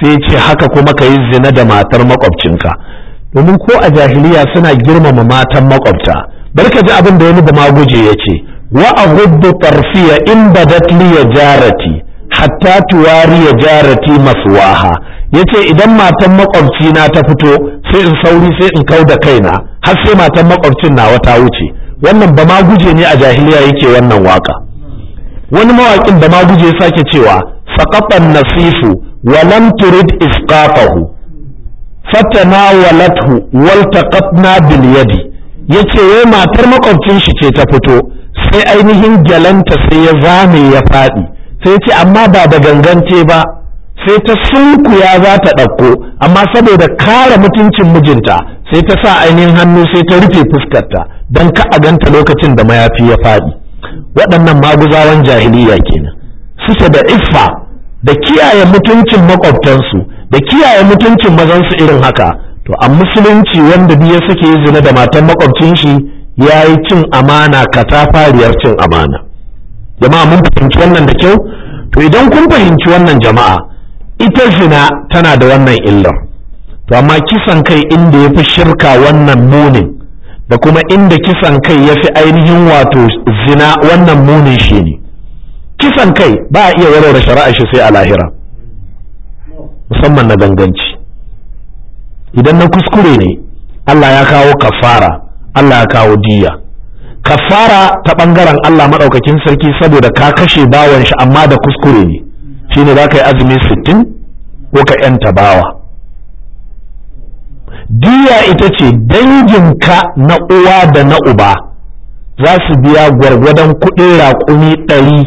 sai ce haka kuma ka yi zina da matar makwabcinka domin ko a jahiliya suna girmama matan makwabta bar ka ji abin da wani ma guje ya ce wa a tarfiya in badat liya jarati hatta tuwari ya jarati maswaha yace idan matan makwabci na ta fito sai in sauri sai in kau da kaina har sai matan makwabcin nawa ta wuce wannan ba ma guje ne a jahiliya yake wannan waka wani mawakin da ma guje sake cewa faqatan nasifu wa lam turid isqaqahu fatanawalathu waltaqatna bil yadi yace wai matar makwabcin shi ce ta fito sai ainihin gyalanta sai ya zame ya faɗi sai ce amma ba da gangance ba sai ta sunkuya za ta ɗauko amma saboda kare mutuncin mijinta sai ta sa ainihin hannu sai ta rufe fuskarta don ka a ganta lokacin da mayafi ya faɗi waɗannan maguzawan jahiliya kenan susa da iffa da kiyaye mutuncin maƙwabtansu da kiyaye mutuncin mazansu irin haka to a musulunci wanda biya suke zina da matan makwabcin shi ya yi cin amana katafariyar cin amana jama'a mun fahimci wannan da kyau to idan kun fahimci wannan jama'a ita zina tana da wannan illar to amma kisan kai inda ya fi shirka wannan munin da kuma inda kisan kai ya fi ainihin wato zina wannan munin shi ne kisan kai ba a iya warware shari'a shi sai a lahira musamman na ganganci idan na kuskure ne Allah ya kawo kafara Allah ya kawo diya kafara ta bangaren Allah madaukakin sarki saboda ka kashe bawan shi amma da kuskure ne shine za ka yi azumi sittin ko ka yanta bawa diya ita ce danginka na uwa da na uba za su biya gwargwadon kuɗin raƙumi ɗari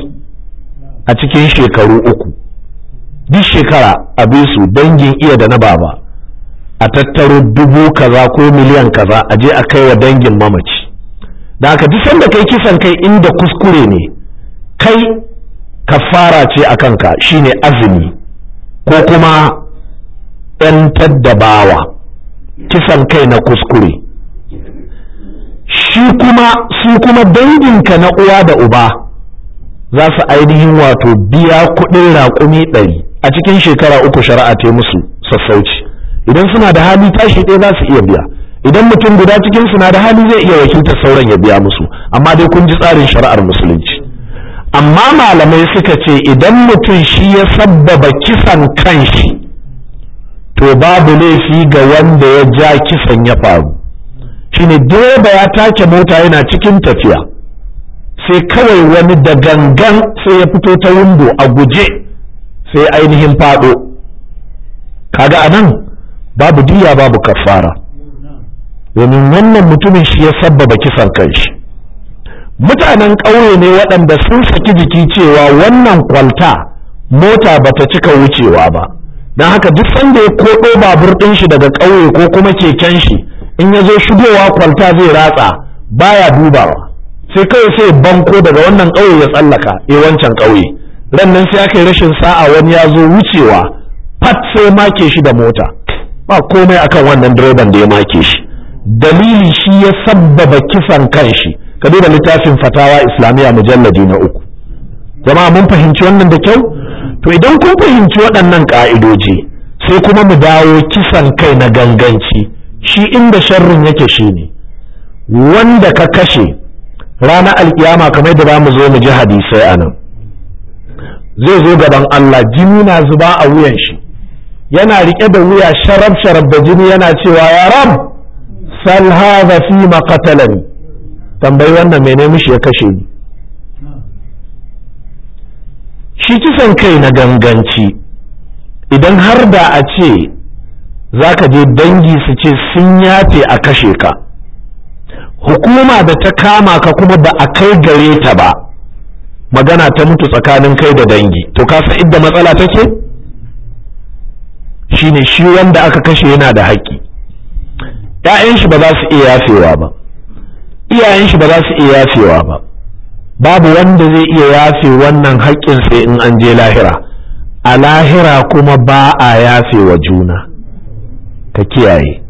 a cikin shekaru uku duk shekara a su dangin iya da na baba a tattaro dubu kaza ko miliyan kaza a je a kai wa dangin mamaci da aka duk sanda kai kisan kai inda kuskure ne kai kafara ce a kanka shine azumi ko kuma ɗan taddabawa kisan kai na kuskure shi kuma su kuma danginka na uwa da uba za su ainihin wato biya kuɗin raƙumi ɗari a cikin shekara uku shari'a ta musu sassauci idan suna da hali tashi ɗaya za su iya biya idan mutum guda cikin suna da hali zai iya wakiltar sauran ya biya musu amma dai kun ji tsarin shari'ar musulunci amma malamai suka ce idan mutum shi ya sabbaba kisan kanshi to babu laifi ga wanda ya ja kisan ya faru shine direba ya take mota yana cikin tafiya sai kawai wani da gangan sai ya fito ta windo a guje sai ainihin faɗo kaga anan babu diya babu kafara domin wannan mutumin shi ya sabbaba kisan kanshi mutanen ƙauye ne waɗanda sun saki jiki cewa wannan kwalta mota ba ta cika wucewa ba don haka duk sanda ya koɗo babur ɗin shi daga ƙauye ko kuma keken shi in ya zo shigowa kwalta zai ratsa baya dubawa sai kawai sai banko daga wannan ƙauye ya tsallaka eh wancan ƙauye Rannan nan sai aka yi rashin sa'a wani ya zo wucewa fat sai make shi da mota ba komai akan wannan direban da ya make shi dalili shi ya sabbaba kisan kanshi ka duba littafin fatawa islamiyya mujalladi na uku jama'a mun fahimci wannan da kyau to idan kun fahimci waɗannan ƙa'idoji sai kuma mu dawo kisan kai na ganganci shi inda sharrin yake shi ne wanda ka kashe ranar alkiyama kamar da ba mu zo mu ji hadisai a nan zai zo gaban Allah jini na zuba a wuyan shi yana riƙe da wuya sharab sharab da jini yana cewa ya rab sal hadha fi ma qatalani tambayi wannan mene mishi ya kashe ni shi kisan kai na ganganci idan har da a ce za ka je dangi su ce sun yafe a kashe ka hukuma da ta kama ka kuma ba a kai gare ta ba magana ta mutu tsakanin kai da dangi to ka san idda matsala take shine shi wanda aka kashe yana da haƙƙi ‘ya'yan shi ba za su iya yafewa ba iyayen shi ba za su iya yafewa ba babu wanda zai iya yafe wannan haƙƙin sai in an je lahira a lahira kuma ba a yafe wa juna ka kiyaye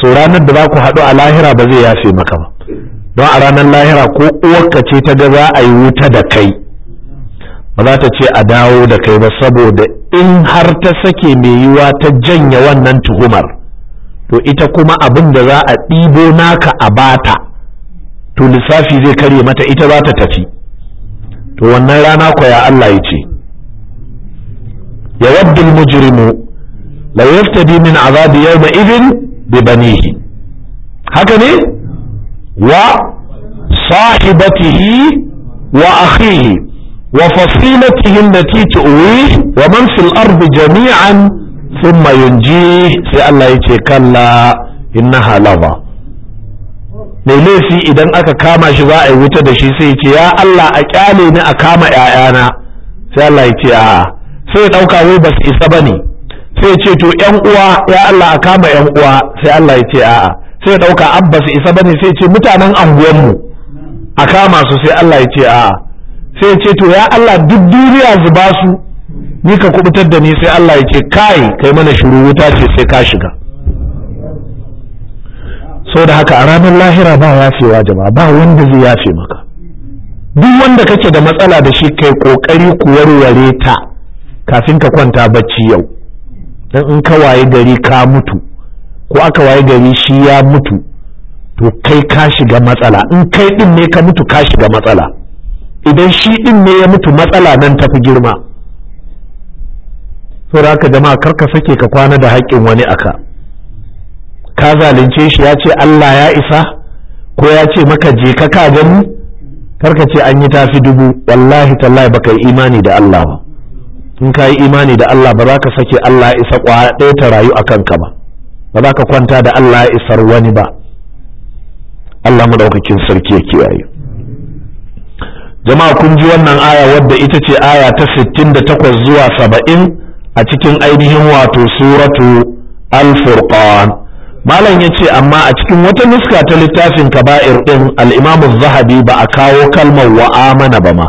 so ranar da za ku haɗu a lahira ba zai yafe maka ba don a ranar lahira ko uwarka ce ta ga za a yi wuta da kai ba za ta ce a dawo da kai ba saboda in har ta sake mai yiwa ta janye wannan tuhumar to ita kuma abin da za a ɗibo naka a bata to lissafi zai karya mata ita za ta tafi to wannan rana ya Allah ya ce ya waddul mujrimu la yaftadi min azabi yawma idhin bi banihi haka ne wa sahibatihi wa akhihi wa fasilatihi allati tu'wih wa man fil ardi jami'an sun yunji sai Allah ya ce kalla inna halaba mai shi idan aka kama shi za a yi wuta da shi sai ce ya Allah a kyale ni a kama ‘ya'yana sai Allah ya ce a sai ɗauka wai ba su isa ba ne sai ce to ‘yan uwa ya Allah a kama ‘yan uwa sai Allah ya ce a sai ɗauka an ba su isa ba ne sai ce mutanen anguwanmu a kama su sai Allah ya ce a sai ya ce to ya Allah duk duniya zuba su ni ka kubutar da ni sai Allah ya ce kai kai mana shiru wuta ce sai ka shiga sau da haka a ranar lahira ba yafewa jama'a ba wanda zai yafe maka duk wanda kake da matsala da shi kai kokari ku warware ta kafin ka kwanta bacci yau dan in ka waye gari ka mutu ko aka waye gari shi ya mutu to kai ka shiga matsala in kai din ne ka mutu ka shiga matsala idan shi din ne ya mutu matsala nan tafi girma saboda aka jama'a kar ka sake ka kwana da haƙƙin wani aka ka zalunce shi ya ce Allah ya isa ko ya ce maka je ka ka gani kar ka ce an yi tafi dubu wallahi tallahi baka yi imani da Allah ba in ka yi imani da Allah ba za ka sake Allah ya isa kwa ɗaya ta rayu a kanka ba ba za ka kwanta da Allah ya isar wani ba Allah madaukakin sarki ya kiyaye jama'a kun ji wannan aya wadda ita ce aya ta 68 zuwa 70 a cikin ainihin wato suratu al-furqan malam ya ce amma a cikin wata nuska ta littafin kaba'ir din al-imamu zahabi ba a kawo kalmar wa amana ba ma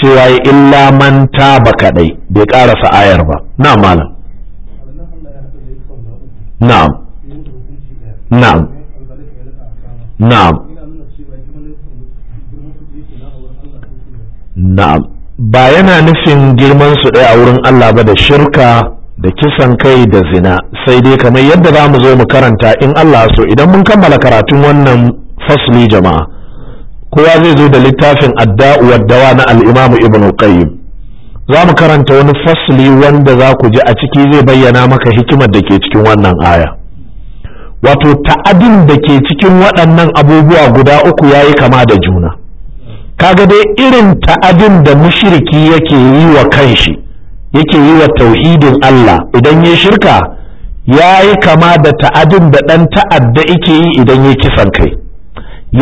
cewa illa man taba kadai bai karasa ayar ba na malam na'am na'am na'am ba yana nufin girman su ɗaya a wurin Allah ba da shirka da kisan kai da zina sai dai kamar yadda za mu zo mu karanta in Allah so idan mun kammala karatun wannan fasli jama'a kowa zai zo da littafin adda'u waddawa na al'imamu Ibn Qayyim za mu karanta wani fasli wanda za ku ji a ciki zai bayyana maka hikimar da ke cikin wannan aya wato ta'adin da ke cikin waɗannan abubuwa guda uku yayi kama da juna kaga dai irin ta'adin da mushriki yake yi wa kanshi yake yi wa tauhidin Allah idan ya shirka ya yi kama da ta'adin da ɗan ta'adda yake yi idan ya kisan kai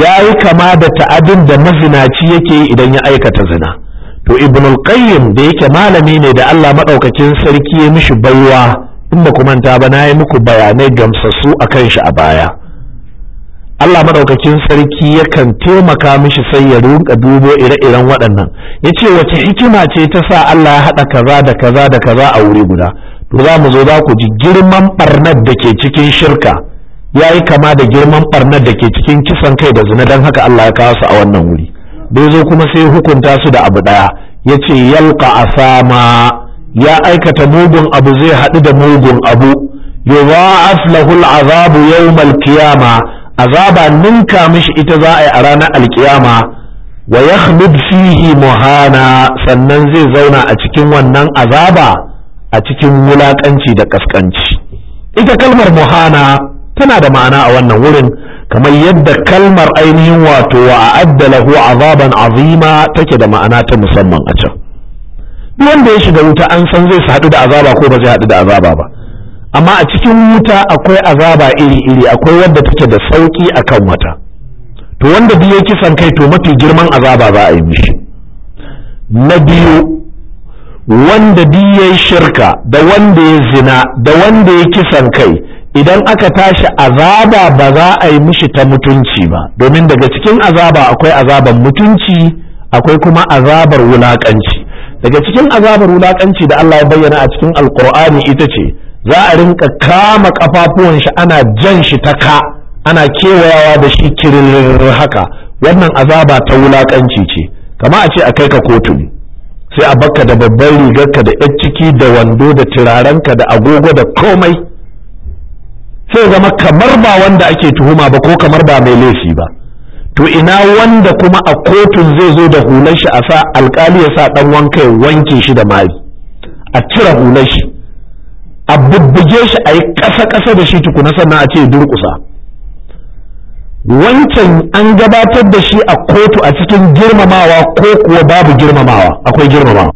ya yi kama da ta'adin da mazinaci yake yi idan ya aikata zina to Ibn qayyim da yake malami ne da Allah maɗaukakin sarki ya mishi baiwa in ba ku manta ba na yi muku bayanai gamsassu a kanshi a baya Allah madaukakin sarki yakan taimaka mishi sai ya rinka dubo ire-iren waɗannan ya ce wace hikima ce ta sa Allah ya haɗa kaza da kaza da kaza a wuri guda to za mu zo za ku ji girman ɓarnar da ke cikin shirka ya yi kama da girman ɓarnar da ke cikin kisan kai da zina don haka Allah ya kawo su a wannan wuri bai zo kuma sai hukunta su da abu ɗaya ya ce yalka asama ya aikata mugun abu zai haɗu da mugun abu yuwa aslahul azabu yawmal qiyamah azaba ninka mishi ita za a yi a ranar alkiyama wa yakhlud fihi muhana sannan zai zauna a cikin wannan azaba a cikin wulaƙanci da ƙasƙanci. ita kalmar muhana tana da ma'ana a wannan wurin kamar yadda kalmar ainihin wato wa a'addalahu azaban azima take da ma'ana ta musamman a can duk wanda ya shiga wuta an san zai su haɗu da azaba ko ba zai haɗu da azaba ba amma a cikin wuta akwai azaba iri-iri akwai wanda take da sauki kan wata to wanda biyu yake kisan kai to mafi girman azaba za a yi mishi na biyu wanda biyu ya shirka da wanda ya zina da wanda ya kisan kai idan aka tashi azaba ba za a yi mishi ta mutunci ba domin daga cikin azaba akwai azaban mutunci akwai kuma azabar wulakanci daga cikin azabar wulakanci da Allah ya bayyana a cikin alkur'ani ita ce za a rinka kama kafafuwan shi ana jan shi ta ka ana kewayawa da shi kirin haka wannan azaba ta wulakanci ce kama a ce a kai ka kotu ne sai a baka da babban rigarka da yar ciki da wando da turarenka da agogo da komai sai zama kamar ba wanda ake tuhuma ba ko kamar ba mai laifi ba to ina wanda kuma a kotun zai zo da hular shi a sa alkali ya sa dan wanka ya wanke shi da mari a cire hular shi a bubbuge shi a yi ƙasa-ƙasa da shi tukuna sannan a ce durƙusa wancan an gabatar da shi a kotu a cikin girmamawa ko kuwa babu girmamawa akwai girmamawa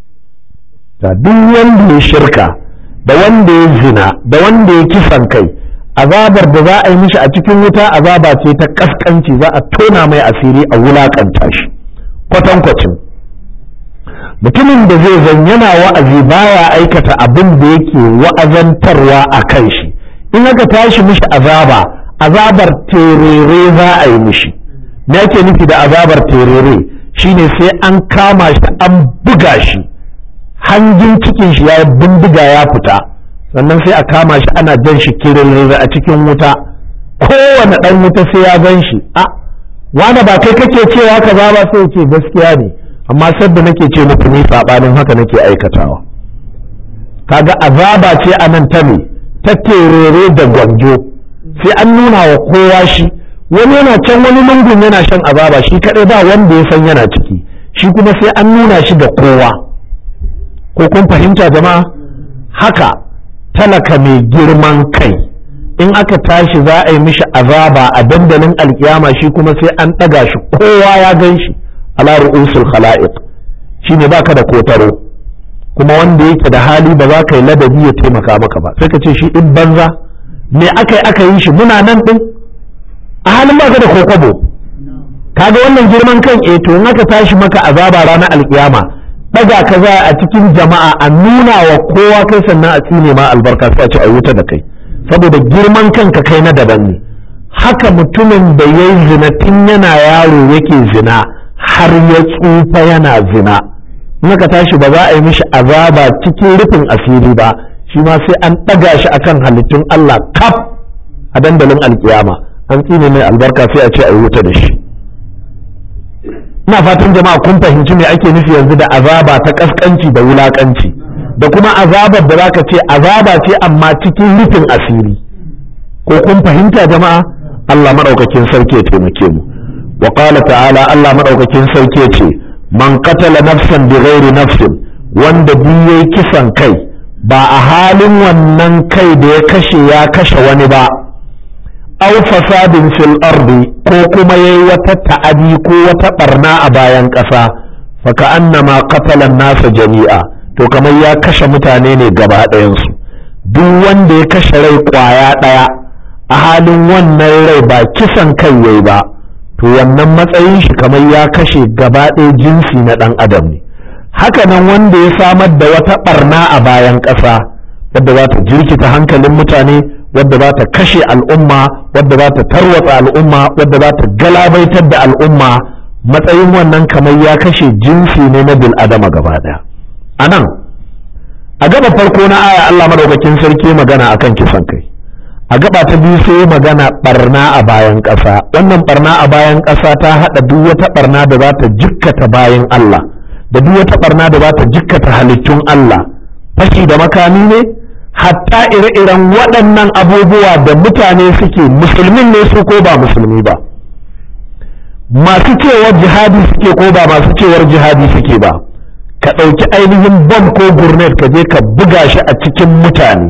duk wanda ya shirka da wanda ya zina da wanda ya kisan kai azabar da za a yi mishi a cikin wuta azaba ce ta ƙasƙanci. za a tona mai asiri a wulakanta shi kwatankwacin mutumin da zai zan yana wa'azi baya aikata abin da yake wa'azantarwa a kan shi in aka tashi mishi azaba azabar terere za a yi mishi na ake nufi da azabar terere shine sai an kama shi an buga shi hangin cikin shi ya bindiga ya fita sannan sai a kama shi ana jan shi kirere a cikin wuta kowane ɗan wuta sai ya gan shi a wane ba kai kake cewa ka ba sai ce gaskiya ne amma sadda nake ce muku ni saɓanin haka nake aikatawa kaga azaba ce a nan ta ne ta terere da gwanjo sai an nuna wa kowa shi wani yana can wani mungun yana shan azaba shi kaɗai ba wanda ya san yana ciki shi kuma sai an nuna shi da kowa ko kun fahimta jama'a haka talaka mai girman kai in aka tashi za a yi mishi azaba a dandalin alkiyama shi kuma sai an ɗaga shi kowa ya gan shi ala ru'usul khala'iq shine baka da kotaro kuma wanda yake da hali ba za ka yi ladabi ya taimaka maka ba sai ka ce shi in banza me aka yi aka yi shi muna nan din a halin baka da kokobo kaga wannan girman kan eh to in aka tashi maka azaba ranar alkiyama daga ka za a cikin jama'a a nuna wa kowa kai sannan a tsine ma albarka sai a ce a wuta da kai saboda girman kanka kai na daban ne haka mutumin da ya yi zina tun yana yaro yake zina har ya tsufa yana zina naka tashi ba za a yi mishi azaba cikin rufin asiri ba shi ma sai an ɗaga shi a kan halittun Allah kaf a dandalin alkiyama an tsine mai albarka sai a ce a yi wuta da shi ina fatan jama'a kun fahimci me ake nufi yanzu da azaba ta kaskanci da wulakanci da kuma azabar da zaka ce azaba ce amma cikin rufin asiri ko kun fahimta jama'a Allah maɗaukakin sarki ya taimake mu wa qala ta'ala Allah madaukakin sarki yace man qatala nafsan bighairi nafsin wanda duk yayi kisan kai ba a halin wannan kai da ya kashe ya kashe wani ba aw fasadin fil ardi ko kuma yayi wata ta'adi ko wata barna a bayan ƙasa fa annama qatala nasa jami'a to kamar ya kashe mutane ne gaba ɗayansu duk wanda ya kashe rai kwaya ɗaya a halin wannan rai ba kisan kai yayi ba to wannan matsayin shi kamar ya kashe gaba ɗaya jinsi na ɗan adam ne hakanan wanda ya samar da wata ɓarna a bayan ƙasa wadda za ta jirkita hankalin mutane wadda za ta kashe al'umma wadda za ta tarwatsa al'umma wadda za ta galabaitar da al'umma matsayin wannan kamar ya kashe jinsi ne na bil'adama gaba ɗaya a nan a gaba farko na aya allah madaukakin sarki magana akan kisan kai a gaba ta biyu sai magana barna a bayan ƙasa wannan barna a bayan ƙasa ta haɗa duk wata barna da za ta jikkata bayan Allah da duk wata barna da za ta jikkata halittun Allah fashi da makami ne hatta ire-iren waɗannan abubuwa da mutane suke musulmin ne su ko ba musulmi ba masu cewar jihadi suke ko ba masu cewar jihadi suke ba ka ɗauki ainihin bom ko gurnet ka je ka buga shi a cikin mutane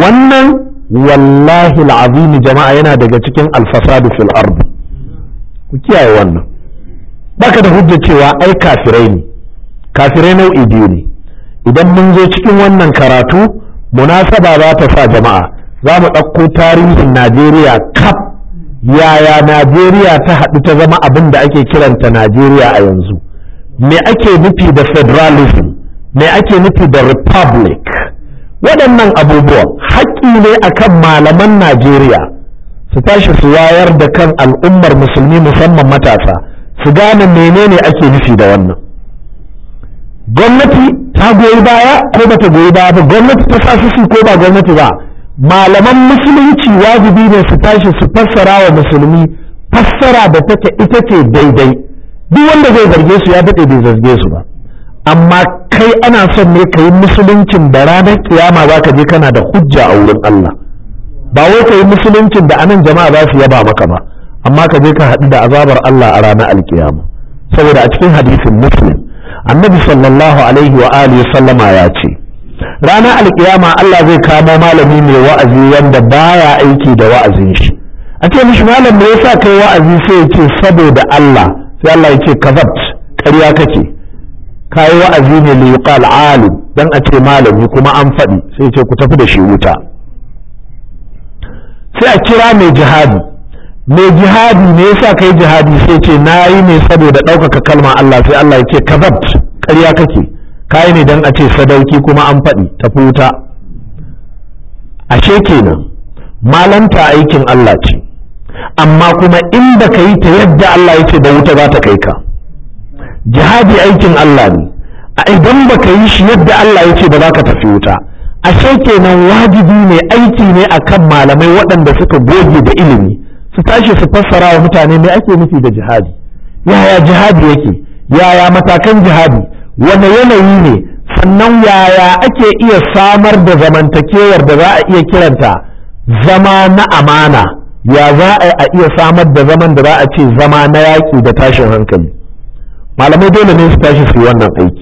wannan wallahi al'azim jama'a yana daga cikin alfasadu fil ard ku kiyaye wannan baka da hujja cewa ai kafirai ne kafirai nau'i biyu ne idan mun zo cikin wannan karatu munasaba za ta sa jama'a za mu ɗauko tarihin najeriya kaf yaya najeriya ta haɗu ta zama abin da ake kiranta najeriya a yanzu me ake nufi da federalism me ake nufi da republic waɗannan abubuwan haƙƙi ne akan malaman najeriya su tashi su wayar da kan al'ummar musulmi musamman matasa su gane menene ake nufi da wannan gwamnati ta goyi baya ko bata goyi baya ba gwamnati ta sa su ko ba gwamnati ba malaman musulunci wajibi ne su tashi su fassara wa musulmi fassara da take ita ce daidai duk wanda zai zarge su ya daɗe bai zarge su ba amma kai ana son ne ka yi musuluncin da ranar kiyama za ka je kana da hujja a wurin Allah ba wai ka yi musuluncin da anan jama'a za su yaba maka ba amma ka je ka haɗu da azabar Allah a ranar alkiyama saboda a cikin hadisin muslim annabi sallallahu alaihi wa alihi sallama ya ce ranar alkiyama Allah zai kamo malami mai wa'azi wanda baya aiki da wa'azin shi a ce mishi malam me yasa kai wa'azi sai ya ce saboda Allah sai Allah ya ce kazabt ƙarya kake kayi wa'azi ne li yuqal alim dan a ce malami kuma an faɗi sai ce ku tafi da shi wuta sai a kira mai jihadi mai jihadi ne yasa kai jihadi sai ce nayi ne saboda ɗaukaka kalma Allah sai Allah ya ce kazabt ƙarya kake kayi ne dan a ce sadauki kuma an faɗi tafi wuta ashe kenan malanta aikin Allah ce amma kuma inda ka yi ta yadda Allah ya ce da wuta za ta kai ka jihadi aikin Allah ne a idan baka yi shi yadda Allah ya ce ba za ka tafi wuta ashe kenan wajibi ne aiki ne akan malamai waɗanda suka goge da ilimi su tashi su fassara wa mutane me ake nufi da jihadi yaya jihadi yake yaya matakan jihadi wane yanayi ne sannan yaya ake iya samar da zamantakewar da za a iya kiranta zama na amana ya za a iya samar da zaman da za a ce zama na yaƙi da tashin hankali malamai dole ne su tashi su yi wannan aiki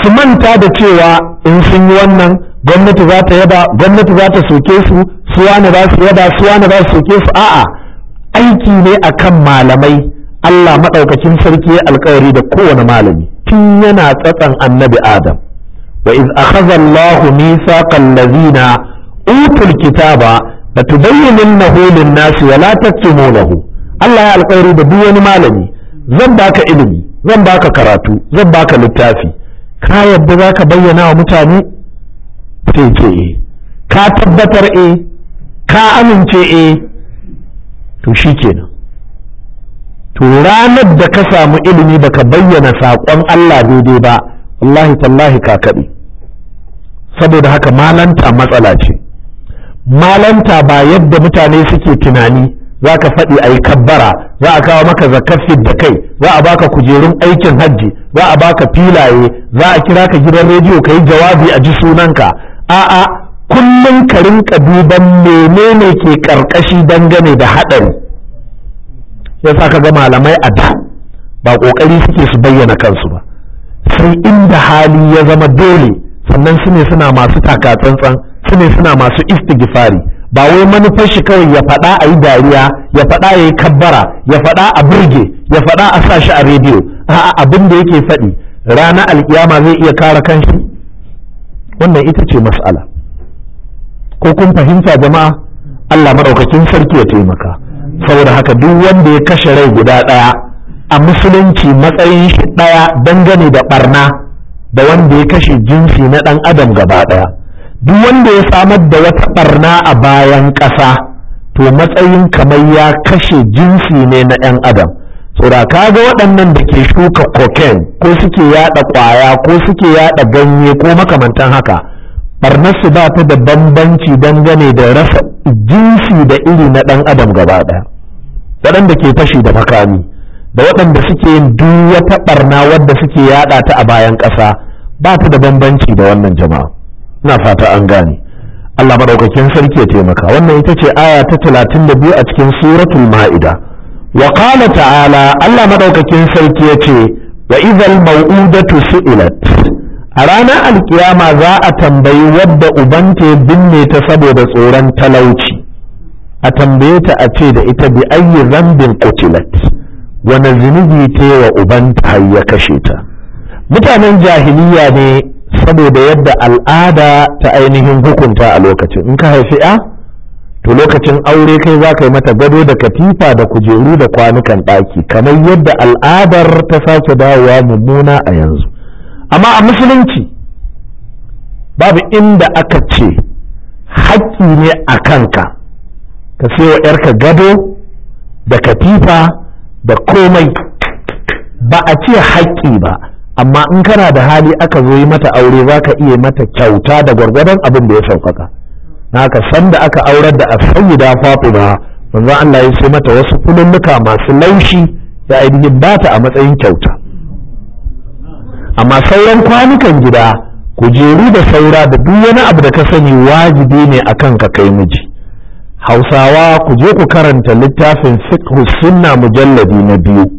su manta da cewa in sun yi wannan gwamnati za ta yaba gwamnati za ta soke su su wani za su yaba su wani za su soke su a'a aiki ne akan malamai Allah maɗaukacin sarki ya alkawari da kowane malami tun yana tsatsan annabi Adam wa iz akhadha Allahu mithaqal ladina utul kitaba latubayyinannahu lin-nasi wa la taktumunahu Allah ya alkawari da duk wani malami zan baka ilimi zan baka karatu zan baka littafi ka yadda za ka bayyana wa mutane sai ke eh. ka tabbatar e ka amince e to shi kenan to ranar da ka samu ilimi baka bayyana saƙon Allah daidai ba wallahi tallahi ka kaɗe saboda haka malanta matsala ce malanta ba yadda mutane suke tunani za ka faɗi a yi kabbara za a kawo maka zakafin da kai za a baka kujerun aikin hajji za a baka filaye za a kira ka gidan rediyo ka yi jawabi a ji sunanka a'a kullum ka rinka duban menene ke karkashi dangane da haɗari ya sa ka ga malamai a da ba ƙoƙari suke su bayyana kansu ba sai inda hali ya zama dole sannan su ne suna masu takatsantsan su ne suna masu istighfari ba wai manufar shi kawai ya faɗa a yi dariya ya faɗa ya yi kabbara ya faɗa a birge, ya faɗa a sa shi a rediyo a'a abin da yake faɗi rana alkiyama zai iya kara kanshi wannan ita ce mas'ala ko kun fahimta jama'a Allah maɗaukakin sarki ya taimaka saboda haka duk wanda ya kashe rai guda ɗaya a musulunci matsayin shi ɗaya dangane da ɓarna da wanda ya kashe jinsi na ɗan adam gaba ɗaya duk wanda ya samar da wata barna a bayan ƙasa to matsayin kamar ya kashe jinsi ne na 'yan adam tsora kaga waɗannan da ke shuka cocaine ko suke yaɗa ƙwaya ko suke yaɗa ganye ko makamantan haka barnarsu ba ta da bambanci dangane da rasa jinsi da iri na ɗan adam gaba ɗaya waɗanda ke fashi da makami da waɗanda suke yin duk wata ɓarna wadda suke yaɗa ta a bayan ƙasa ba ta da bambanci da wannan jama'a na fata an gane Allah madaukakin sarki ya taimaka wannan ita ce aya ta 32 a cikin suratul ma'ida wa qala ta'ala Allah madaukakin sarki ya ce wa idhal mau'udatu su'ilat a ranar alkiyama za a tambayi wadda ubanta binne ta saboda tsoron talauci a tambaye ta a ce da ita bi ayyi zambin qutilat wani zunubi ta wa ubanta har ya kashe ta mutanen jahiliya ne saboda yadda al'ada ta ainihin hukunta a lokacin in ka haifi ya to lokacin aure kai za ka yi mata gado da katifa da kujeru da kwanukan ɗaki kamar yadda al'adar ta sake dawowa mummuna a yanzu amma a musulunci babu inda aka ce haƙƙi ne a kanka ka sayo ‘yarka gado da katifa da komai ba a ce haƙƙi ba amma in kana da hali aka zo yi mata aure za ka iya mata kyauta da gwargwadon abin da ya sauƙaƙa na ka san da aka aurar da da fafi fatima manzo Allah ya sai mata wasu kululluka masu laushi ya ainihin ba ta a matsayin kyauta amma sauran kwanukan gida kujeru da saura da duk wani abu da ka sani wajibi ne akan ka kai miji hausawa ku je ku karanta littafin fiqh sunna mujalladi na biyu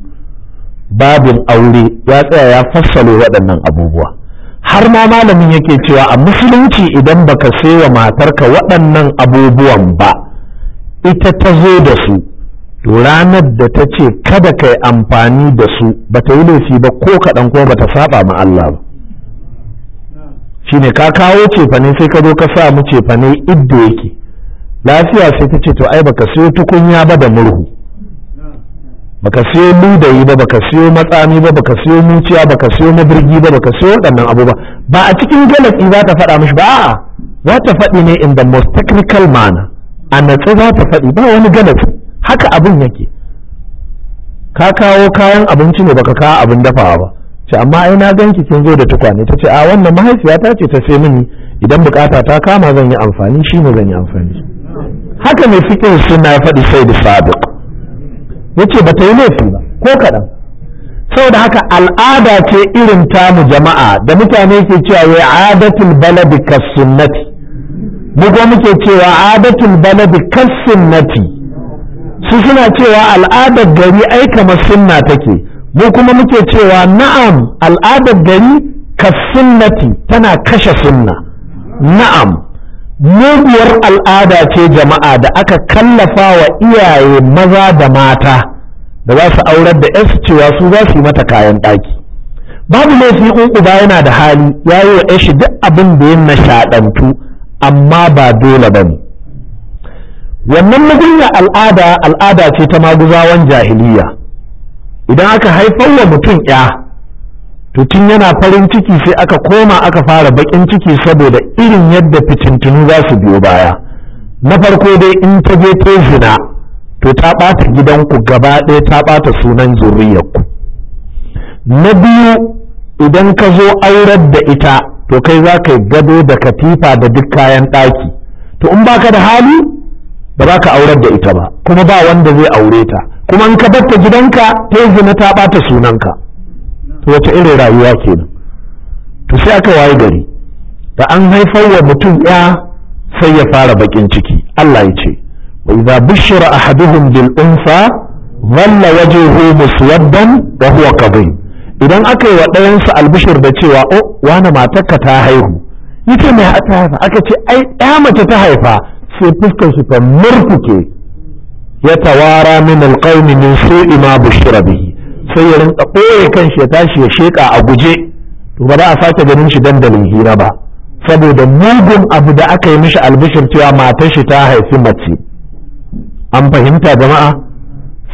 babin aure ya tsaya ya fassale waɗannan abubuwa har ma malamin yake cewa a musulunci idan baka wa matarka waɗannan abubuwan ba ita ta zo da su ranar da ta ce kada ka yi amfani da su ba ta yi laifi ba ko kaɗan kuma ba ta saba ma Allah ba shi ne ka kawo cefane sai ka zo ka sa mu cefane idda yake lafiya sai ta ce to ai baka sai tukunya ba da murhu baka siyo ludayi ba baka siyo matsami ba baka siyo muciya baka siyo mabirgi ba baka siyo waɗannan abu ba ba a cikin galaxy za ta faɗa mishi ba a za ta faɗi ne in the most technical manner a natsu za ta faɗi ba wani galaxy haka abin yake ka kawo kayan abinci ne baka kawo abin dafawa ba ce amma ai na ganki kin zo da tukwane ta ce a wannan mahaifiyata ce ta sai mini idan bukata ta kama zan yi amfani shine zan yi amfani haka mai fikin suna faɗi sai da sabiq yace bata yi laifi ba ko kaɗan saboda haka al'ada ce irin tamu jama'a da mutane ke cewa wai adatul baladi kasunnati mu ko muke cewa adatul baladi kasunnati su suna cewa al'adar gari ai kamar sunna take mu kuma muke cewa na'am al'adar gari kasunnati tana kashe sunna na'am muguwar al'ada ce jama'a da aka kallafa wa iyaye maza da mata da za su aurar da yansu cewa su za su yi mata kayan ɗaki babu laifi in uba yana da hali ya yi wa shi duk abin da ya nashaɗantu amma ba dole ba ne wannan mugunya al'ada al'ada ce ta maguzawan jahiliya idan aka haifar wa mutum ya to yana farin ciki sai aka koma aka fara bakin ciki saboda irin yadda fitintunu za su biyo baya na farko dai in ta je ta zina to ta ɓata gidanku gaba ɗaya ta ɓata sunan zuriyarku na biyu idan ka zo aurar da ita to kai za ka gado da katifa da duk kayan ɗaki to in baka da hali ba za ka aurar da ita ba kuma ba wanda zai aure ta kuma in ka batta gidanka ta zina ta ɓata sunanka to wata irin rayuwa kenan to sai aka waye gari da an haifar wa mutum ya sai ya fara bakin ciki Allah ya ce wa idza bushira ahaduhum bil unsa dhalla wajhuhu muswaddan wa huwa kadhib idan aka yi wa ɗayansa albishir da cewa o oh, wani matarka ta haihu yace mai ta haifa aka ce ai ya mace ta haifa sai fuskar su ta murfuke ya tawara min alqaumi min su'i ma bushira bihi sai ya rinka ɓoye kanshi ya tashi ya sheƙa a guje to ba za a sake ganin shi dandalin hira ba saboda mugun abu da aka yi mishi albishir cewa matar shi ta haifi mace an fahimta jama'a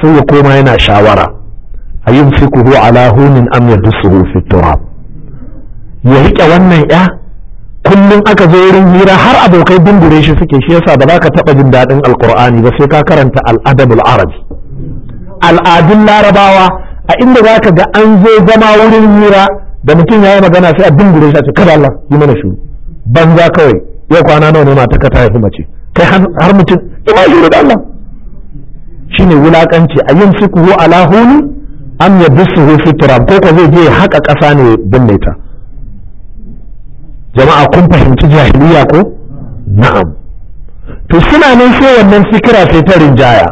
sai ya koma yana shawara a yin fikuhu ala hunin am yadsuhu fi turab ya rike wannan ya kullum aka zo wurin hira har abokai dindure shi suke shi yasa ba za ka taɓa jin daɗin alkur'ani ba sai ka karanta al'adabul arabi al'adun larabawa a inda za ka ga an zo zama wurin hira da mutum ya yi magana sai a dingure shi a cikin Allah yi mana shuru banza kawai yau kwana nawa ne mata ka ta haifi mace kai har mutum ina shuru da Allah shine wulakanci a yin sukuhu ala huni am yabsuhu fi turam ko ko zai je haka kasa ne binne ta jama'a kun fahimci jahiliya ko na'am to suna nan sai wannan fikira sai ta rinjaya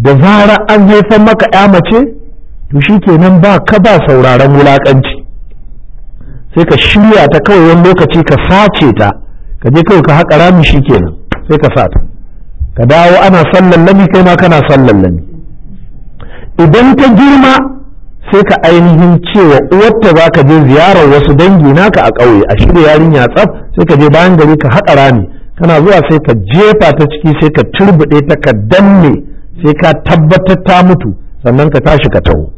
da zarar an san maka ya mace to shi kenan ba ka ba sauraron wulaƙanci sai ka shirya ta kawai wani lokaci ka sace ta ka je kawai ka haƙa rami shi kenan sai ka sata ka dawo ana sallan lami kai ma kana sallan lami idan ta girma sai ka ainihin cewa uwarta za ka je ziyarar wasu dangi naka a ƙauye a shirya yarinya tsaf sai ka je bayan gari ka haƙa rami kana zuwa sai ka jefa ta ciki sai ka turbuɗe ta ka danne sai ka tabbatar ta mutu sannan ka tashi ka taho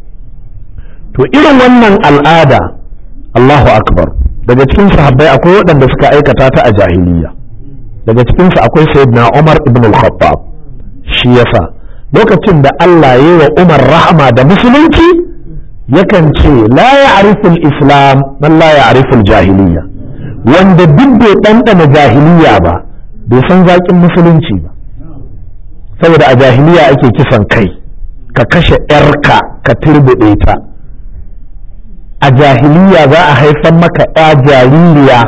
to irin wannan al'ada Allahu akbar daga cikin sahabbai akwai waɗanda suka aikata ta a jahiliya daga cikin su akwai sayyidina Umar ibn al-Khattab shi yasa lokacin da Allah ya wa Umar rahama da musulunci yakan ce la ya'rifu islam man la ya'rifu jahiliya wanda duk bai ɗanɗana jahiliya ba bai san zaƙin musulunci ba saboda a jahiliya ake kisan kai ka kashe 'yarka ka turbuɗe ta a jahiliya za a haifan maka ya jaririya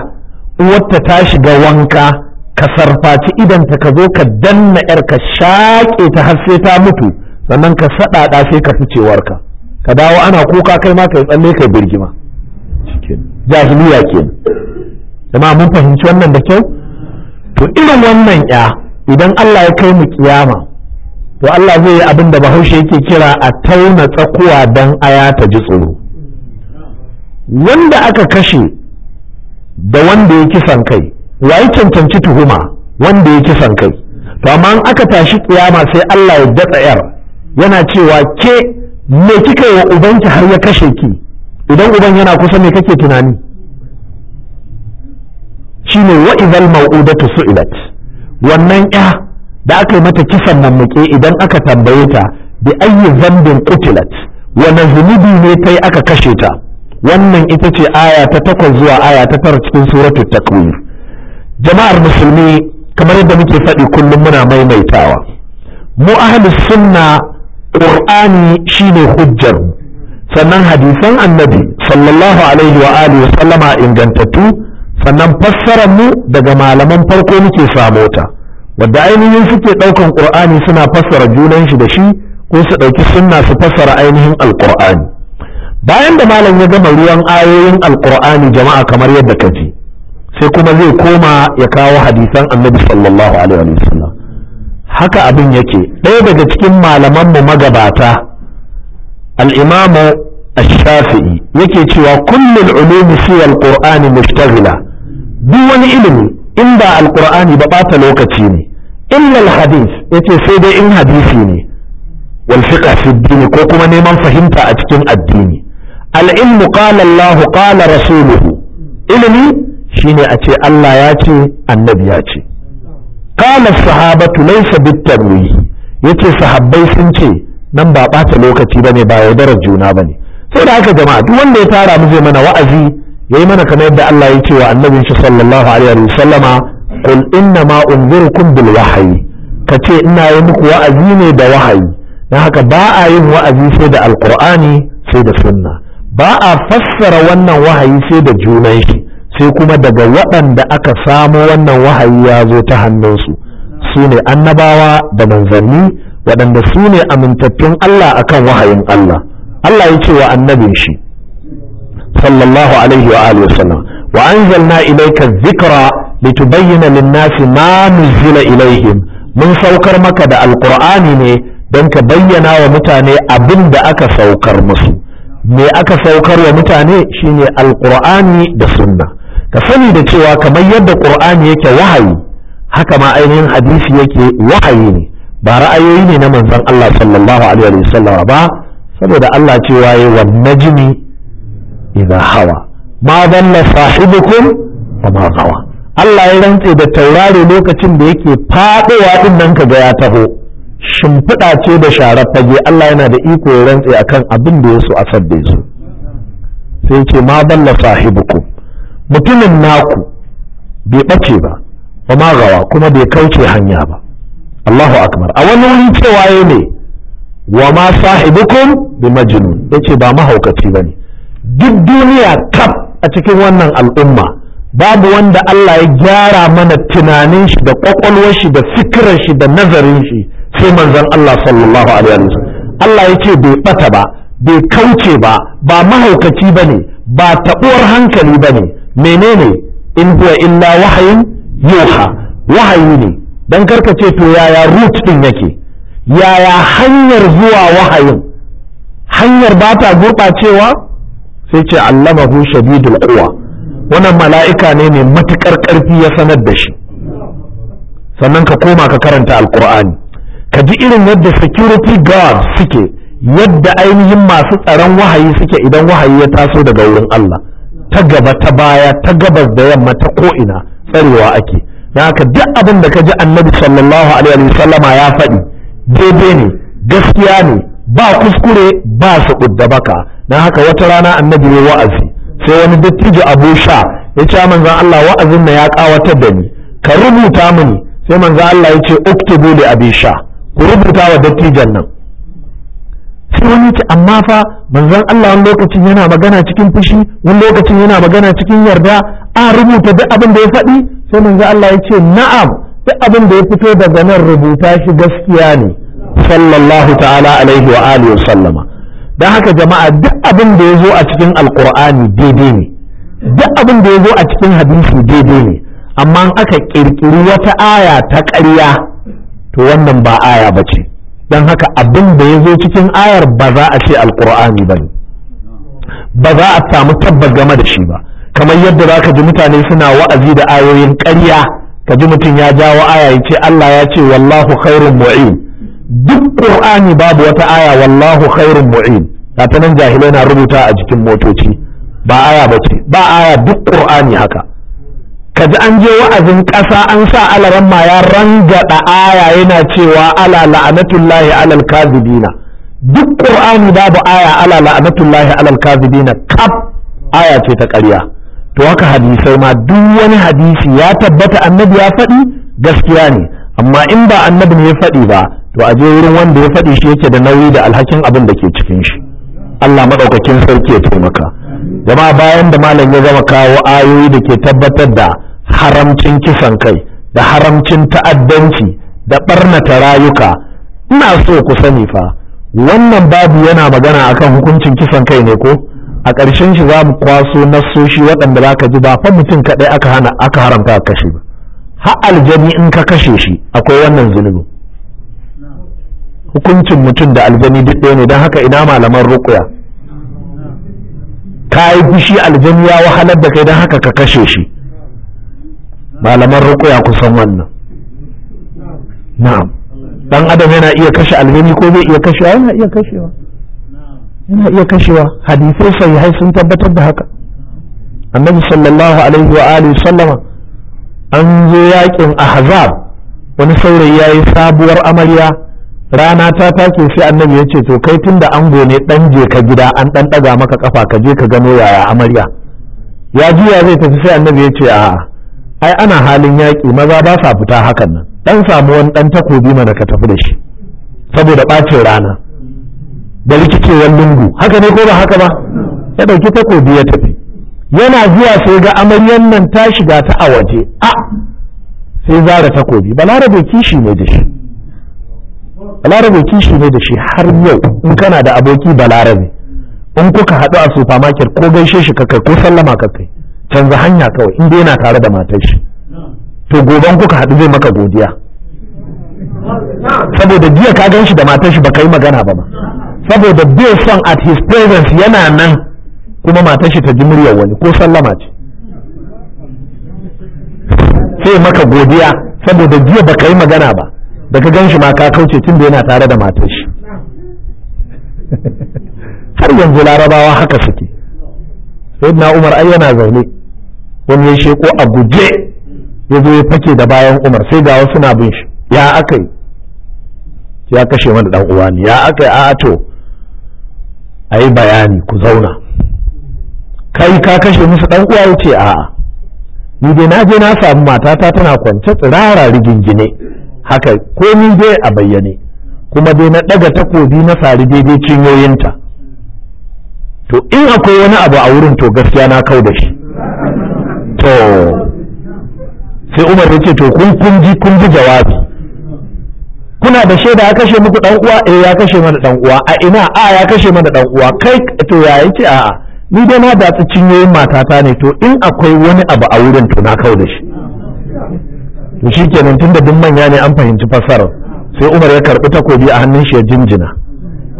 uwarta ta shiga wanka ka sarfaci idan ta ka zo ka danna yar ka shaƙe ta har sai ta mutu sannan ka saɗaɗa sai ka ficewarka ka dawo ana kuka kai ma ka tsalle kai birgima jahiliya kenan jama'a mun fahimci wannan da kyau to irin wannan ya idan Allah ya kai mu kiyama to Allah zai yi abin da bahaushe yake kira a tauna tsakuwa dan aya ta ji tsoro wanda aka kashe da wanda ya kisan kai yi cancanci tuhuma wanda ya kisan kai to amma aka tashi kiyama sai Allah ya datsa yar yana cewa ke me kika yi wa ubanki har ya kashe ki idan uban yana kusa me kake tunani shine wa idhal mau'udatu su'ilat wannan ya da aka yi mata kisan nan muke idan aka tambaye ta bi ayyi zambin qutilat wa zunubi ne tai aka kashe ta wannan ita ce aya ta takwas zuwa aya ta tara cikin suratu takwir jama'ar musulmi kamar yadda muke faɗi kullum muna maimaitawa mu ahlus sunna qur'ani shine hujjar sannan hadisan annabi sallallahu alaihi wa alihi sallama ingantattu sannan fassarar mu daga malaman farko muke samo ta wadda ainihin suke ɗaukan qur'ani suna fassara junan shi da shi ko su ɗauki sunna su fassara ainihin alqur'ani bayan da malam ya gama ruwan ayoyin alkur'ani jama'a kamar yadda ka ji sai kuma zai koma ya kawo hadisan annabi sallallahu alaihi haka abin yake ɗaya daga cikin malamanmu magabata al'imamu ash-shafi'i yake cewa kullum ulumi fi alqur'ani mushtaghila duk wani ilimi in ba Alƙur'ani ba bata lokaci ne illa al-hadith yace sai dai in hadisi ne wal fiqh fi ko kuma neman fahimta a cikin addini al'ilmu qala Allah qala rasuluhu ilimi shine a ce Allah ya ce annabi ya ce qala sahabatu laysa ya yace sahabbai sun ce nan ba ɓata lokaci bane ba yaudarar juna ne. sai da haka jama'a duk wanda ya tara mu zai mana wa'azi yayi mana kamar yadda Allah ya ce wa annabin shi sallallahu alaihi wa sallama qul inna ma unzirukum bil Ka kace ina yi muku wa'azi ne da wahayi dan haka ba a yin wa'azi sai da Alkur'ani sai da sunna ba a fassara wannan wahayi sai da junan shi sai kuma daga waɗanda aka samo wannan wahayi ya zo ta hannunsu su ne annabawa da manzanni waɗanda su ne amintattun Allah akan wahayin Allah Allah ya ce wa annabin shi sallallahu alaihi wa alihi wasallam wa anzalna ilayka dhikra litubayyana lin-nasi ma nuzila ilaihim mun saukar maka da alqur'ani ne don ka bayyana wa mutane abin da aka saukar musu me aka saukar wa mutane shine alqur'ani da sunna ka sani da cewa kamar yadda qur'ani yake wahayi haka ma ainihin hadisi yake wahayi ne ba ra'ayoyi ne na manzon Allah sallallahu alaihi wasallam ba saboda Allah cewa yayi wan najmi idha hawa ma dalla sahibukum wa ma hawa Allah ya rantse da taurari lokacin da yake faɗowa ɗin nan ka ga ya taho shimfiɗa ce da sharar fage Allah yana da iko ya rantse akan abin da ya so a sadda su sai ce ma balla sahibukum mutumin naku bai ɓace ba wa magawa kuma bai kauce hanya ba Allahu akbar a wani wurin cewa ya ne wa ma sahibukum bi majnun yace ba mahaukaci bane duk duniya kaf a cikin wannan al'umma babu wanda Allah ya gyara mana tunanin shi da kwakwalwar shi da fikirar shi da nazarin shi sai manzon Allah sallallahu alaihi wasallam Allah yake bai bata ba bai kauce ba ba mahaukaci bane ba tabuwar hankali bane menene in huwa illa wahayin yuha wahayi ne dan karka ce to yaya root din yake yaya hanyar zuwa wahayin hanyar ba ta gurɓacewa sai ce allamahu shadidul quwa wannan mala'ika ne mai matuƙar ƙarfi ya sanar da shi sannan ka koma ka karanta alkur'ani ka ji irin yadda security guard suke yadda ainihin masu tsaron wahayi suke idan wahayi ya taso daga wurin Allah ta gaba ta baya ta gabas da yamma ta ko'ina tsarewa ake na haka duk abin da ka ji annabi sallallahu alaihi sallama ya faɗi daidai ne gaskiya ne ba kuskure ba su baka na haka wata rana annabi ya wa'azi sai wani dattijo abu sha ya ce manzan Allah wa'azin na ya ƙawatar da ni ka rubuta mini sai manzan Allah ya ce uktubu li abi sha ku rubuta wa dattijan nan sai wani ce amma fa manzon Allah wan lokacin yana magana cikin fushi wan lokacin yana magana cikin yarda a rubuta duk abin da ya faɗi sai manza Allah ya ce na'am duk abin da ya fito daga nan rubuta shi gaskiya ne sallallahu ta'ala alaihi wa wa sallama don haka jama'a duk abin da ya zo a cikin alkur'ani daidai ne duk abin da ya zo a cikin hadisi daidai ne amma aka kirkiri wata aya ta ƙarya to wannan ba aya ba ce don haka abin da ya zo cikin ayar ba za a ce alkur'ani ba ne ba za a samu tabbas game da shi ba kamar yadda za ka ji mutane suna wa'azi da ayoyin karya, ka ji mutum ya jawo aya ya ce Allah ya ce wallahu khairun mu'in duk qur'ani babu wata aya wallahu khairun mu'in ta nan jahilai na rubuta a jikin motoci ba aya ba ce ba aya duk qur'ani haka kaji an je wa'azin ƙasa an sa alaran ma ya rangada aya yana cewa ala la'anatullahi alal kazibina duk qur'ani babu aya ala la'anatullahi alal kazibina kaf aya ce ta ƙarya to haka hadisai ma duk wani hadisi ya tabbata annabi ya faɗi gaskiya ne amma in ba annabi ne ya faɗi ba to a je wurin wanda ya faɗi shi yake da nauyi da alhakin abin da ke cikin shi Allah madaukakin sarki ya taimaka jama'a bayan da malam ya zama kawo ayoyi da ke tabbatar da haramcin kisan kai da haramcin ta'addanci da ɓarnata rayuka ina so ku sani fa wannan babu yana magana akan hukuncin kisan kai ne ko a ƙarshen shi za mu kwaso nassoshi waɗanda za ka ji ba fa mutum kaɗai aka hana aka haramta a kashe ba ha aljani in ka kashe shi akwai wannan zunubin hukuncin mutum da aljani duk ɗaya ne don haka ina malaman rukuya ka yi fushi aljani ya wahalar da kai don haka ka kashe shi malaman rukuya kusan wannan na'am dan adam yana iya kashe almini ko zai iya kashewa yana iya kashewa yana iya kashewa hadisai sahihai sun tabbatar da haka annabi sallallahu alaihi wa alihi sallama an zo yakin ahzab wani saurayi yayi sabuwar amarya rana ta take sai annabi ya ce to kai tunda ango ne dan je ka gida an dan daga maka kafa ka je ka gano yaya amarya ya juya zai tafi sai annabi ya ce a'a ai ana halin yaƙi maza ba sa fita hakan nan Ɗan samu wani dan takobi mana ka tafi da shi saboda ɓacin rana da rikicewar lungu haka ne ko ba haka ba ya ɗauki takobi ya tafi yana zuwa sai ga amaryan nan ta shiga ta a waje a sai zara takobi balarabe kishi ne da shi balarabe kishi ne da shi har yau in kana da aboki balarabe in kuka haɗu a supermarket ko gaishe shi kakai ko sallama kakai canza hanya kawai inda yana tare da matar shi to goban kuka haɗu zai maka godiya saboda jiya ka gan shi da matar shi baka yi magana ba ma saboda bai son at his presence yana nan kuma matar shi ta ji muryar wani ko sallama ce sai maka godiya saboda jiya baka yi magana ba da ka gan shi ma ka kauce tun da yana tare da matar shi har yanzu larabawa haka suke na umar ai yana zaune wani ya sheko a guje ya zo ya fake da bayan umar sai ga wasu na bin shi ya aka yi ya kashe mana dan uwa ne ya aka yi a to a yi bayani ku zauna kai ka kashe musu dan uwa ya ce a'a ni dai na je na samu matata tana kwance tsirara rigingine haka ko ni dai a bayyane kuma dai na ɗaga takobi na sari daidai cinyoyinta to in akwai wani abu a wurin to gaskiya na kau da shi to sai umar ya ce to kun kun ji kun ji jawabi kuna da shaida ya kashe muku dan uwa eh ya kashe mana dan uwa a ina a ya kashe mana dan uwa kai to ya yace a ni dai na datsi cinyoyin matata ne to in akwai wani abu a wurin to na kau da shi to shikenan tunda duk manya ne an fahimci fasarar sai Umar ya karbi takobi a hannun shi ya jinjina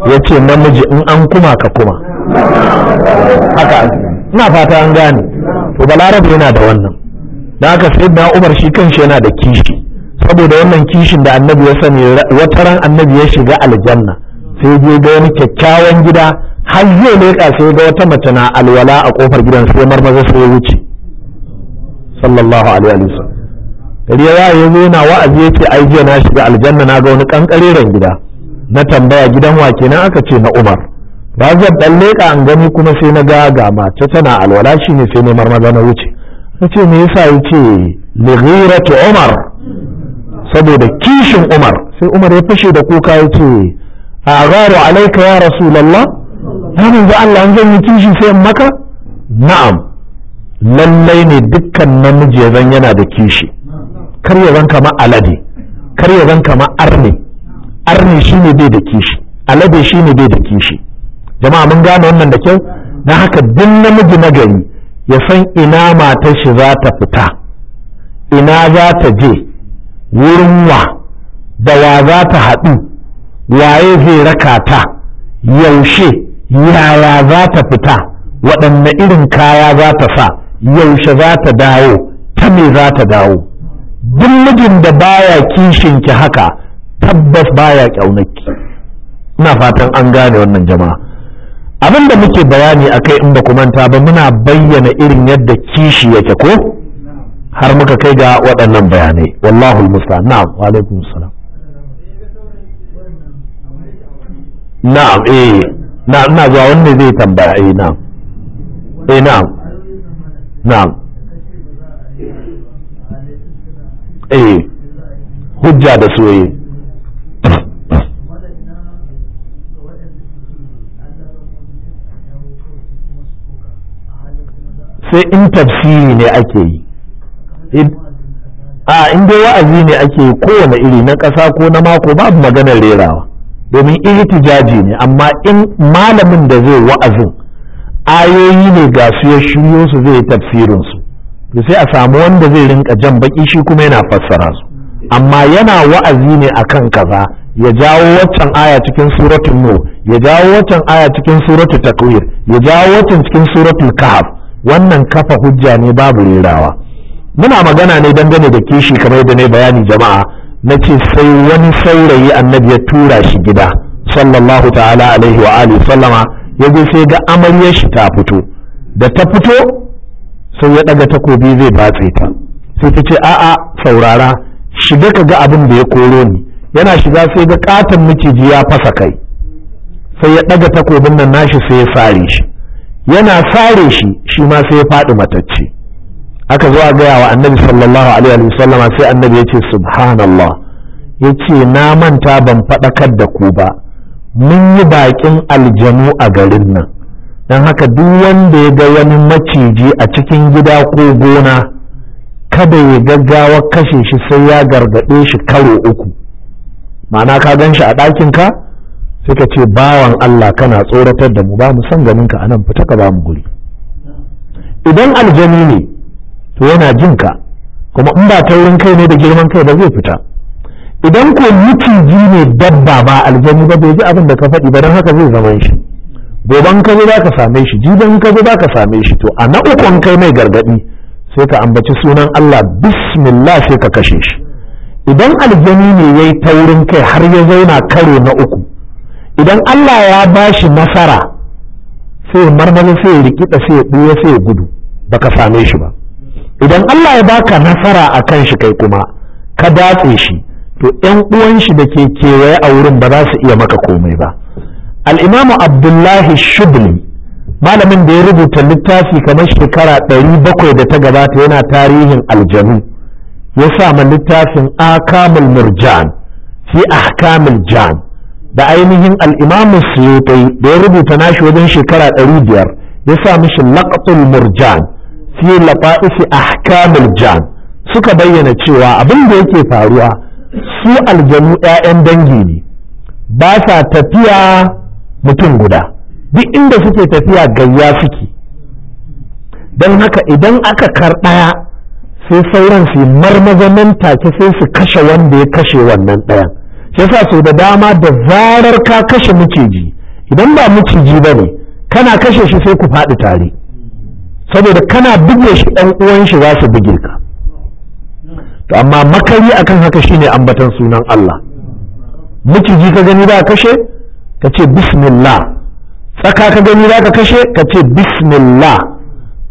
ya ce namiji in an kuma ka kuma haka ina fata an gane to balarabe yana da wannan da aka sai na umar shi kanshi yana da kishi saboda wannan kishin da annabi ya sani wata ran annabi ya shiga aljanna sai je ga wani kyakkyawan gida har zai leƙa sai ga wata mace na alwala a kofar gidan sai marmaza sai ya wuce sallallahu alaihi wa sallam gari ya yi zo yana wa'azi yake ai jiya na shiga aljanna na ga wani ran gida na tambaya gidan wa kenan aka ce na Umar ba zan balle ka an gani kuma sai na ga ga mace tana alwala shi ne sai magana wuce na wuce nace me yasa yace lighiratu umar saboda kishin umar sai umar ya fashe da kuka ya ce. a gharu alaika ya rasulullah ya manzo Allah an zan yi kishi sai maka na'am lallai ne dukkan namiji zan yana da kishi kar ya zan kama alade kar ya zan kama arne arne shine bai da kishi alade shine bai da kishi jama'a mun gane wannan da kyau na haka duk namiji nagari ya san ina matar shi za ta fita ina za ta je wurin wa da wa za ta haɗu waye zai raka ta yaushe yaya za ta fita waɗanne irin kaya za ta sa yaushe za ta dawo ta me za ta dawo duk mijin da baya kishinki haka tabbas baya ƙyaunaki ina fatan an gane wannan jama'a abin da muke bayani a kai in ba ku manta ba muna bayyana irin yadda kishi yake ko har muka kai ga waɗannan bayanai wallahu musta na'am wa alaikum salam na'am eh na zuwa wanne zai tambaya eh na'am eh na'am na'am eh hujja da soyayya sai in tafsiri ne ake yi a in dai wa'azi ne ake yi kowane iri na ƙasa ko na mako babu maganar rerawa domin irtijaji ne amma in malamin da zai wa'azin ayoyi ne ga su ya shiryo su zai tafsirin su to sai a samu wanda zai rinka jan baki shi kuma yana fassara su amma yana wa'azi ne a akan kaza ya jawo waccan aya cikin suratul nur ya jawo waccan aya cikin suratul takwir ya jawo waccan cikin suratul kahf wannan kafa hujja ne babu rerawa muna magana ne dangane da kishi kamar yadda ne bayani jama'a na ce sai wani saurayi annabi ya tura shi gida sallallahu ta'ala alaihi wa alihi sallama ya je sai ga amaryar shi ta fito da ta fito sai ya daga takobi zai batse ta sai ta ce a'a saurara shiga ka ga abin da ya koro ni yana shiga sai ga katon miciji ya fasa kai sai ya daga takobin nan nashi sai ya sare shi yana sare shi shi ma sai ya faɗi matacce aka zo a gaya wa annabi sallallahu alaihi wa sallama sai annabi ya ce subhanallah ya ce na manta ban faɗakar da ku ba mun yi baƙin aljanu a garin nan don haka duk wanda ya ga wani maciji a cikin gida ko gona kada ya gaggawa kashe shi sai ya gargaɗe shi karo uku ma'ana ka gan shi a ɗakinka suka ce bawan Allah kana tsoratar da mu ba mu san ganin ka nan fita ka ba mu guri idan aljani ne to yana jin ka kuma in ba taurin kai ne da girman kai ba zai fita idan ko miciji ne dabba ba aljani ba bai ji abin da ka faɗi ba don haka zai zama shi goban ka zo ka same shi jiban ka zo ka same shi to a na ukun kai mai gargadi sai ka ambaci sunan Allah bismillah sai ka kashe shi idan aljani ne yayi taurin kai har ya zauna karo na uku idan Allah ya ba shi nasara sai marmarin sai ya rikida sai ya sai ya gudu baka same shi ba idan Allah ya baka nasara a kan shi kai kuma ka datse shi to 'yan uwan shi da ke kewaye a wurin ba za su iya maka komai ba al'imamu abdullahi shubli malamin da ya rubuta littafi kamar shekara ɗari bakwai da ta gabata yana tarihin aljanu ya sa ma littafin akamul murjan fi ahkamul jan da ainihin al'imamu suyutai da ya rubuta nashi wajen shekara ɗari biyar ya sa mishi laƙatul murjan fi laƙa'isi ahkamul jan suka bayyana cewa abin da yake faruwa su aljanu ‘ya'yan dangi ne ba sa tafiya mutum guda duk inda suke tafiya gayya suke don haka idan aka karɗaya sai sauran su marmaza nan take sai su kashe wanda ya kashe wannan ɗayan yasa sau da dama da zarar ka kashe miciji idan ba miciji ba ne kana kashe shi sai ku faɗi tare saboda kana buge shi ɗan uwan shi za su buge ka to amma makari akan haka shine ambatan sunan Allah miciji ka gani ba kashe ka ce bismillah tsaka ka gani za ka kashe ka ce bismillah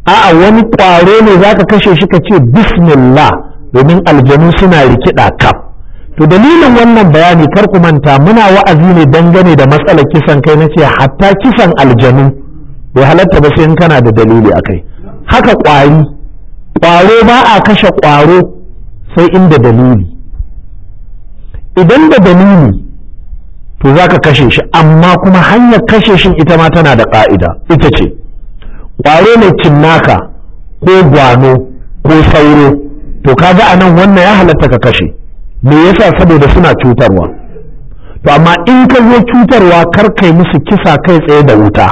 a'a wani ƙwaro ne za ka kashe shi ka ce bismillah domin aljanu suna rikida kaf to dalilin wannan bayani kar ku manta muna wa'azi ne dangane da matsalar kisan kai na ce hatta kisan aljanu bai halatta ba sai in kana da dalili a kai. haka ƙwari, ƙwaro ba a kashe ƙwaro sai inda dalili idan da dalili to za ka kashe shi amma kuma hanyar kashe shi ita ma tana da ƙa'ida ita ce ƙwaro mai cinnaka ko gwano ko sauro to kaga a nan wannan ya halatta ka kashe me yasa saboda suna cutarwa to amma in ka zo cutarwa kar kai musu kisa kai tsaye da wuta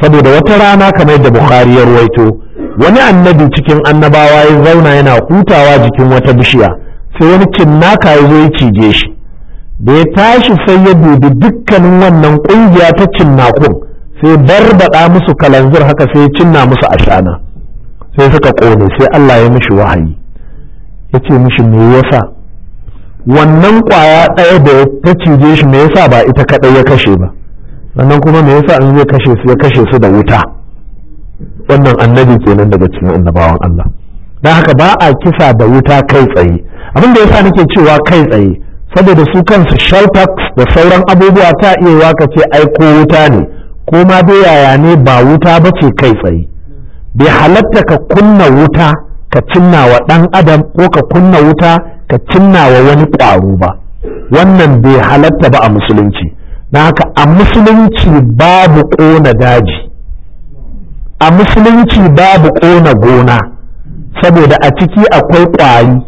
saboda wata rana kamar yadda bukhari ya ruwaito wani annabi cikin annabawa ya zauna yana hutawa jikin wata bishiya sai wani cinnaka ya zo ya cije shi da ya tashi sai ya dubi dukkanin wannan kungiya ta cinnakun sai barbaɗa musu kalanzir haka sai ya cinna musu ashana sai suka ƙone sai Allah ya mishi wahayi ya ce mishi me yasa wannan kwaya ɗaya da ta cije shi me yasa ba ita kaɗai ya kashe ba sannan kuma me yasa in zai kashe su ya kashe su da wuta wannan annabi kenan daga cikin annabawan Allah don haka ba a kisa da wuta kai tsaye abin da yasa nake cewa kai tsaye saboda su kansu sheltax da sauran abubuwa ta iya waka ce aiko wuta ne ko ma dai yaya ne ba wuta ba ce kai tsaye bai halatta ka kunna wuta ka cinna wa ɗan adam ko ka kunna wuta ka wa wani ƙwaro ba wannan bai halatta ba a musulunci na haka a musulunci babu ƙona daji a musulunci babu ƙona gona saboda a ciki akwai ƙwari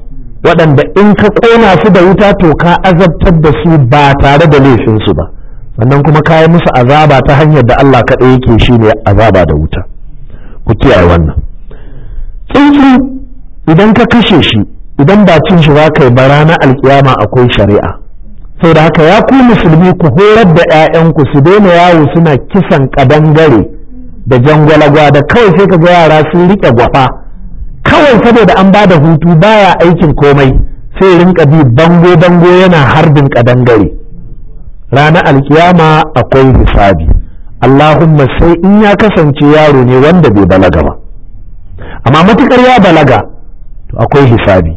waɗanda in ka ƙona su da wuta to ka azabtar da su ba tare da laifinsu ba sannan kuma ka yi musu azaba ta hanyar da Allah kaɗai yake shi ne azaba da wuta ku kiyaye wannan tsuntsu idan ka kashe shi idan ba cin shi za ka yi ba alkiyama akwai shari'a sau da haka ya ku musulmi ku horar da 'ya'yanku su daina yawo suna kisan ƙadangare da jangwalagwa da kawai sai ka ga yara sun riƙe gwafa kawai saboda an ba da hutu baya aikin komai sai rinka bi bango bango yana harbin ƙadangare. Rana alkiyama akwai hisabi allahumma sai in ya kasance yaro ne wanda bai balaga ba amma matukar ya balaga to akwai hisabi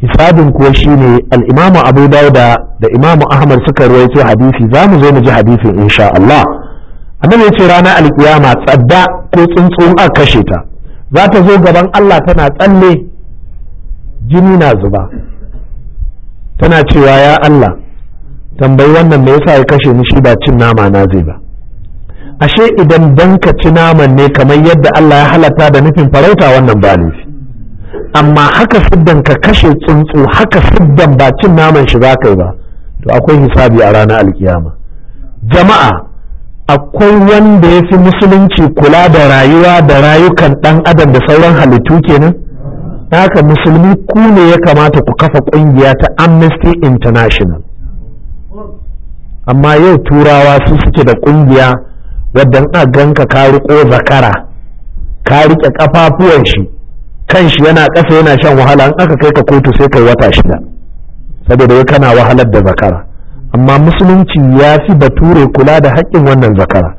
hisabin kuwa shine al-imamu abu da imamu ahmad suka ruwaito hadisi za mu zo mu ji hadisin insha Allah annabi ya ce rana alkiyama tsadda ko tsuntsun a kashe ta za ta zo gaban Allah tana tsalle jini na zuba tana cewa ya Allah tambayi wannan me yasa ya kashe ni shi ba cin nama na zai ba ashe idan danka ci naman ne kamar yadda Allah ya halatta da nufin farauta wannan ba amma haka siddan ka kashe tsuntsu haka siddan ba cin naman shi za ka yi ba to akwai hisabi a ranar alkiyama jama'a akwai wanda ya fi musulunci kula da rayuwa da rayukan ɗan adam da sauran halittu kenan haka musulmi ku ne ya kamata ku kafa ƙungiya ta amnesty international amma yau turawa su suke da ƙungiya wadda a ganka ka riƙo zakara ka riƙe ƙafafuwan shi kan shi yana ƙasa yana shan wahala an aka kai ka kotu sai kai wata shida saboda ya kana wahalar da zakara amma musulunci ya fi bature kula da haƙƙin wannan zakara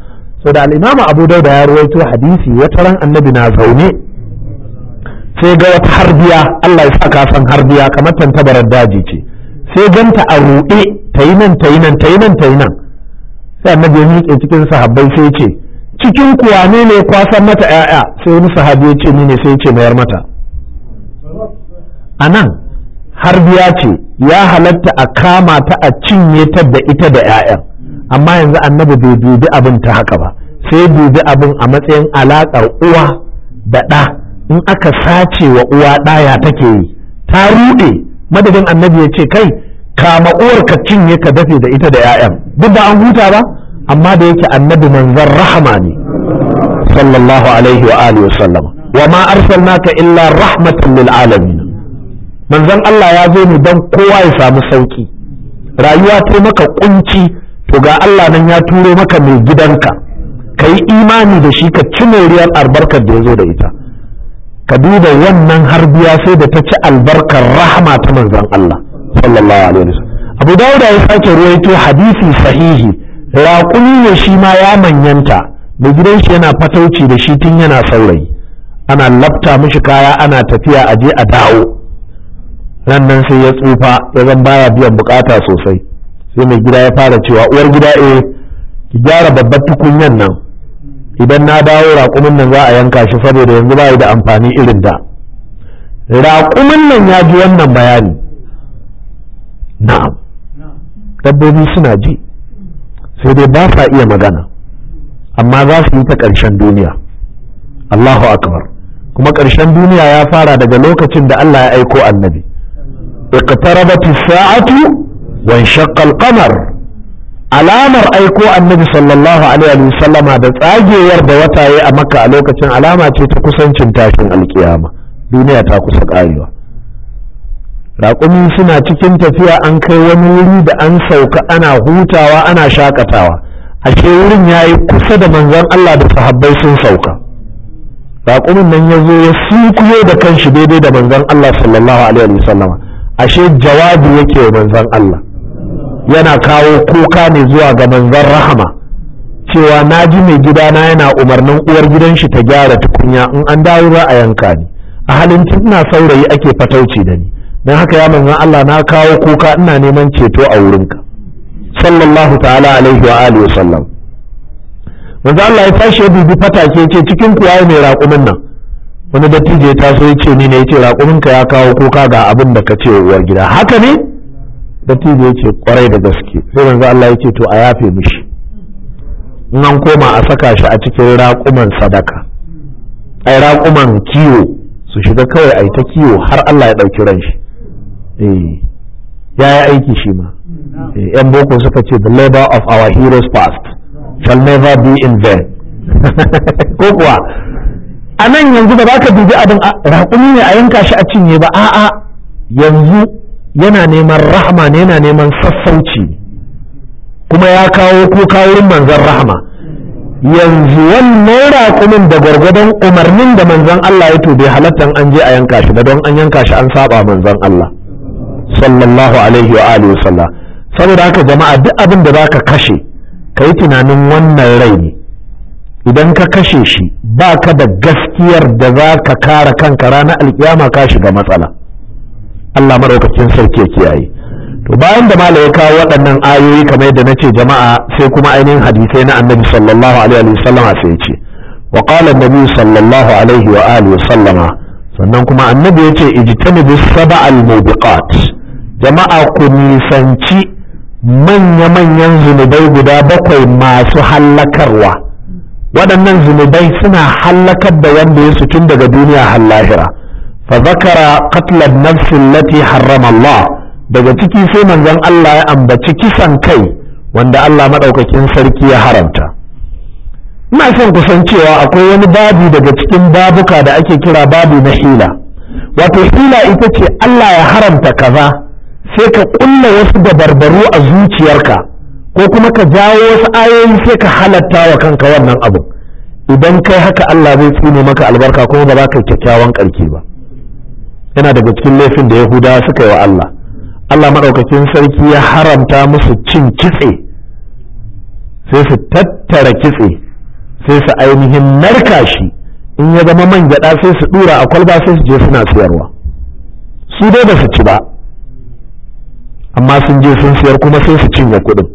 so da al'imamu abu dauda ya ruwaito hadisi wata ran annabi na zaune sai ga wata harbiya allah ya sa ka san harbiya kamar tantabarar daji ce sai ganta a ruɗe ta yi nan ta yi nan ta yi nan ta yi nan sai annabi ya miƙe cikin sahabbai sai ce cikin kuwane ne kwasan mata ‘ya'ya sai wani sahabi ya ce ni ne sai ya ce mayar mata a nan har ce ya halatta a kama ta a cinye ta da ita da ‘ya'yan amma yanzu annabi bai dubi abin ta haka ba sai dubi abin a matsayin alaƙar uwa da ɗa in aka sace wa uwa ɗaya take yi ta ruɗe madadin annabi ya ce kai kama uwar ka cinye ka dafe da ita da ‘ya'yan duk da an huta ba amma da yake annabi manzon rahama ne sallallahu alaihi wa alihi wasallam wa ma arsalnaka illa rahmatan lil alamin manzon Allah ya zo ne dan kowa ya samu sauki rayuwa ta maka kunci to ga Allah nan ya turo maka mai gidanka ka yi imani da shi ka ci moriyar albarkar da ya zo da ita ka duba wannan harbiya sai da ta ci albarkar rahama ta manzon Allah sallallahu alaihi wasallam Abu Dawud ya sake ruwaito hadisi sahihi raƙumi ne shi ma ya manyanta mai gidan shi yana fatauci da shi tun yana saurayi ana lafta mishi kaya ana tafiya aje a dawo nan nan sai ya tsufa ya zan baya biyan bukata sosai sai mai gida ya fara cewa uwar gida eh ki gyara babbar tukunyan nan idan na dawo raƙumin nan za a yanka shi saboda yanzu ba da amfani irin da raƙumin nan ya ji wannan bayani na'am dabbobi suna ji sai dai ba sa iya magana amma za su yi ta ƙarshen duniya Allahu akbar kuma ƙarshen duniya ya fara daga lokacin da Allah ya aiko annabi iqtarabat as-sa'atu wa inshaqqa qamar alamar aiko annabi sallallahu alaihi wa sallama da tsagewar da wata a makka a lokacin alama ce ta kusancin tashin alkiyama duniya ta kusa ƙarewa. raƙumi suna cikin tafiya an kai wani wuri da an sauka ana hutawa ana shakatawa ashe wurin ya yi kusa da manzon Allah da sahabbai sun sauka raƙumin nan ya zo ya sunkuyo da kanshi daidai da manzon Allah sallallahu alaihi wasallama ashe jawabi yake wa manzon Allah yana kawo kuka ne zuwa ga manzan rahama cewa na ji mai gidana yana umarnin uwar gidan shi ta gyara tukunya in an dawo za a yanka ni a halin tun ina saurayi ake fatauci da ni don haka ya manzan Allah na kawo kuka ina neman ceto a wurinka sallallahu ta'ala alaihi wa alihi wasallam manzo Allah ya tashi ya dubi fatake ce cikin kuwa mai raƙumin nan wani dattijo ya taso ya ce ni ne ya ce ka ya kawo kuka ga abin da ka ce uwar gida haka ne dattijo ya ce kwarai da gaske sai manzo Allah ya ce to a yafe mishi in an koma a saka shi a cikin raƙuman sadaka ai raƙuman kiwo su shiga kawai a yi ta kiwo har Allah ya ɗauki ran shi Eh, ya yi aiki shi ma eh, yan boko suka ce the labor of our heroes past shall never be in vain ko kuwa a nan yanzu da ka dubi abin raƙumi ne a yanka shi a cinye ba a'a yanzu yana neman rahama ne yana neman sassauci kuma ya kawo kuka wurin manzan rahama yanzu wannan raƙumin da gwargwadon umarnin da manzan Allah ya tobe bai an je a yanka shi da don an yanka shi an saba manzan Allah sallallahu alaihi wa alihi wasallam saboda haka jama'a duk abin da zaka kashe kai tunanin wannan rai ne idan ka kashe shi ba ka da gaskiyar da za ka kare kanka ranar alkiyama ka shiga matsala Allah maɗaukacin sarki ya kiyaye to bayan da malai ya kawo waɗannan ayoyi kamar yadda na ce jama'a sai kuma ainihin hadisai na annabi sallallahu alaihi wa sallam sai ce wa qala annabi sallallahu alaihi wa alihi sallama sannan kuma annabi ya ce ijtanibu sab'al mubiqat jama'a ku nisanci manya-manyan zunubai guda bakwai masu hallakarwa waɗannan zunubai suna hallakar da wanda ya tun daga duniya har lahira fa zakara qatlan nafsin lati harrama Allah daga ciki sai manzon Allah ya ambaci kisan kai wanda Allah madaukakin sarki ya haramta ina son kusan cewa akwai wani babu daga cikin babuka da ake kira babu na hila wato hila ita ce Allah ya haramta kaza sai ka kulla wasu dabarbaru a zuciyarka ko kuma ka jawo wasu ayoyi sai ka halatta wa kanka wannan abu idan kai haka Allah zai tsine maka albarka kuma ba za ka yi kyakkyawan karki ba yana daga cikin laifin da Yahudawa suka yi wa Allah Allah maɗaukakin sarki ya haramta musu cin kitse sai su tattara kitse sai su ainihin narka shi in ya zama man gyaɗa sai su ɗura a kwalba sai su je suna siyarwa su dai ba su ci ba amma sun je sun siyar kuma sai su cinye kuɗin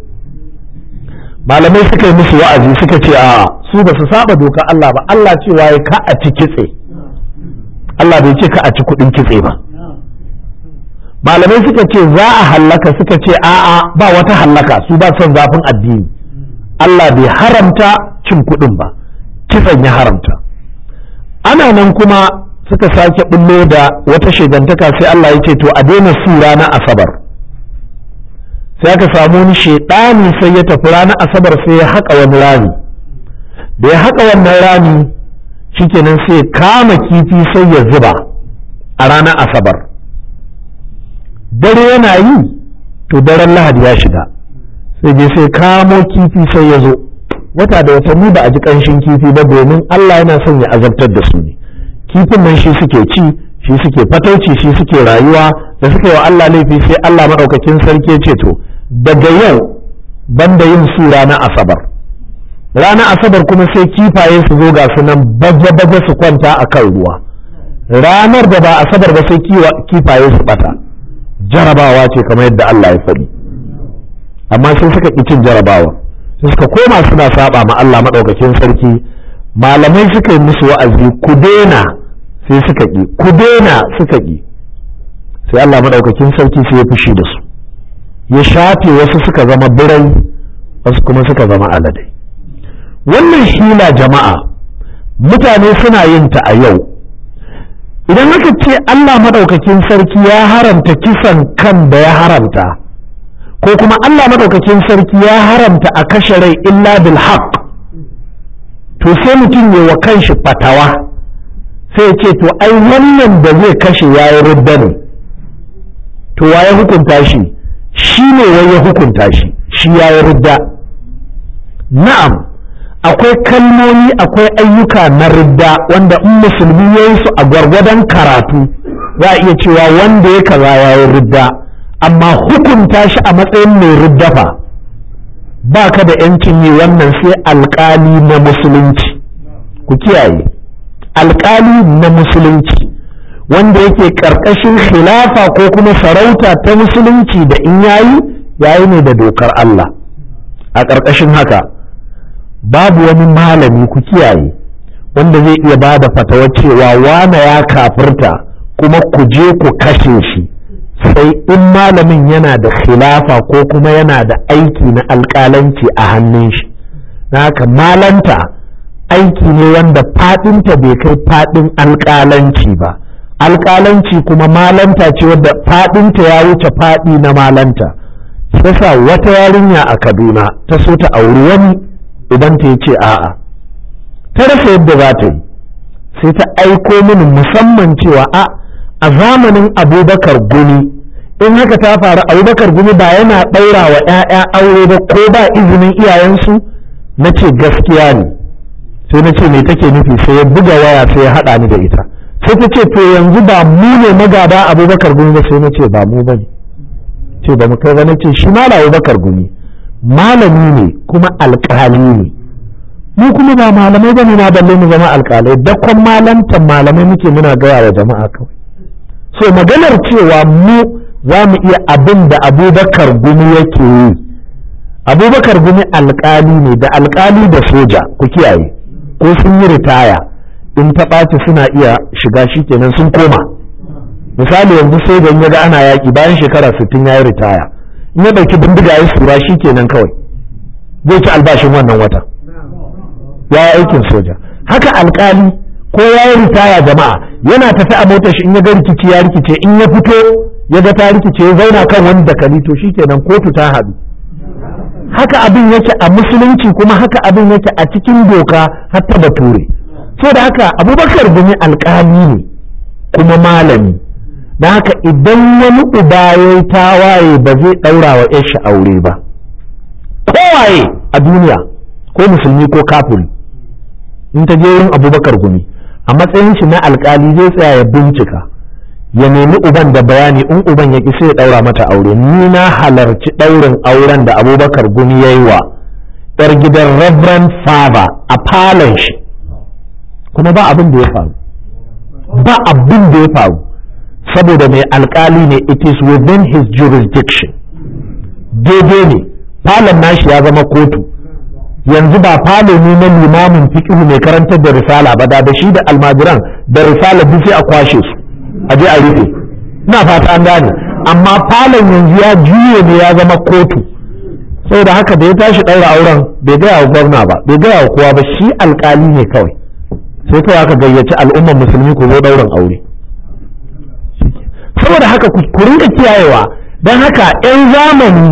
malamai suka yi musu wa'azi suka ce a su ba su saba dokar Allah ba Allah cewa ya ka a ci kitse Allah bai ce ka a ci kuɗin kitse ba malamai suka ce za a hallaka suka ce a'a ba wata hallaka su ba son zafin addini Allah bai haramta cin kuɗin ba kitsan ya haramta ana nan kuma suka sake bullo da wata shegantaka sai Allah ya ce to a daina sura na asabar sai aka samu wani shaidani sai ya tafi ranar asabar sai ya haƙa wani rami da ya haƙa wannan rami shikenan sai kama kifi sai ya zuba a ranar asabar dare yana yi to daren lahadi ya shiga sai je sai kamo kifi sai ya zo wata da wata ba a ji ƙanshin kifi ba domin Allah yana son ya azabtar da su ne kifin nan shi suke ci shi suke fatauci shi suke rayuwa da suka yi wa Allah laifi sai Allah maɗaukakin sarki ya ce to daga yau banda yin su rana asabar rana asabar kuma sai kifaye su zo ga su nan baje-baje su kwanta a kan ruwa ranar da ba asabar ba sai kifaye su bata jarabawa ce kamar yadda Allah ya faɗi amma sai suka ƙi cin jarabawa sai suka koma suna saba ma Allah maɗaukakin sarki malamai suka yi musu wa'azi ku daina sai suka ƙi ku daina suka ƙi sai Allah maɗaukakin sarki sai ya fushi da su ya shafe wasu suka zama birai wasu kuma suka zama alade wannan hila jama'a mutane suna yin ta a yau idan aka ce Allah maɗaukakin sarki ya haramta kisan kan da ya haramta ko kuma Allah maɗaukakin sarki ya haramta a kashe rai illa bil haq to sai mutum ne wa shi fatawa sai ce to ai wannan da zai kashe ya yi to ya hukunta shi shi ne wai ya hukunta shi shi ya yi rudda na'am akwai kalmomi akwai ayyuka na rudda wanda in musulmi ya yi su a gwargwadon karatu za a iya cewa wanda ya kaza ya yi rudda amma hukunta shi a matsayin mai rudda fa ba ka da yancin yi wannan sai alkali na musulunci ku kiyaye alkali na musulunci wanda yake karkashin khilafa ko kuma sarauta ta musulunci da in yayi yayi ne da dokar Allah a karkashin haka babu wani malami ku kiyaye wanda zai iya bada fatawa cewa wane ya kafirta kuma ku je ku kashe shi sai in malamin yana da khilafa ko kuma yana da aiki na alƙalanci a hannun shi na haka malanta aiki ne wanda faɗinta bai kai faɗin alƙalanci ba alƙalanci kuma malanta ce wadda faɗinta ya wuce faɗi na malanta sa wata yarinya a kaduna ta so ta auri wani idan ta yi ce a'a ta rasa yadda za ta yi sai ta aiko mini musamman cewa a a zamanin abubakar guni in haka ta faru abubakar guni ba yana ɗaura wa 'ya'ya aure ba ko ba izinin iyayensu na ce gaskiya ne sai na ce me take nufi sai ya buga waya sai ya haɗa ni da ita sai ta ce to yanzu ba mu ne magada abubakar gumi ba sai na ce ba mu bane ce ba mu kai ba na ce shi mala abubakar gumi malami ne kuma alƙali ne mu kuma ba malamai bane na balle mu zama alƙalai dakon malamtan malamai muke muna gaya wa jama'a kawai so maganar cewa mu za mu iya abin da abubakar gumi yake yi abubakar gumi alƙali ne da alƙali da soja ku kiyaye ko sun yi ritaya in ta ɓaci suna iya shiga shi kenan sun koma misali yanzu sojan ya ga ana yaƙi bayan shekara sittin ya yi ritaya in ya ɗauki bindiga ya sura shi kenan kawai zai ci albashin wannan wata ya yi aikin soja haka alkali ko ya yi ritaya jama'a yana tafi a motar shi in ya ga rikici ya rikice in ya fito ya ga ta rikice ya zauna kan wani dakali to shi kenan kotu ta haɗu haka abin yake a musulunci kuma haka abin yake a cikin doka har ta bature so da haka abubakar gumi alƙali ne kuma malami da haka idan wani uba ya yi tawaye ba zai daura wa shi aure ba kowaye a duniya ko musulmi ko kafin in ta je wurin abubakar gumi a matsayin shi na alƙali zai tsaya ya bincika ya nemi uban da bayani in uban ya ƙi sai ya ɗaura mata aure ni na halarci daurin auren da abubakar gumi ya yi wa 'yar gidan reverend father a falon shi kuma ba abin da ya faru ba abin da ya faru saboda mai alkali ne it is within his jurisdiction daidai ne falon nashi ya zama kotu yanzu ba falo ne na limamin fikihu mai karantar da risala ba da shi da almajiran da risala duk sai a kwashe su a je a rufe ina fata an gane amma falon yanzu ya juye ne ya zama kotu saboda haka da ya tashi ɗaura auren bai gaya wa gwamna ba bai gaya wa kowa ba shi alkali ne kawai sai kawai aka gayyaci al'ummar musulmi ku zo ɗaurin aure saboda haka ku rinka kiyayewa don haka 'yan zamani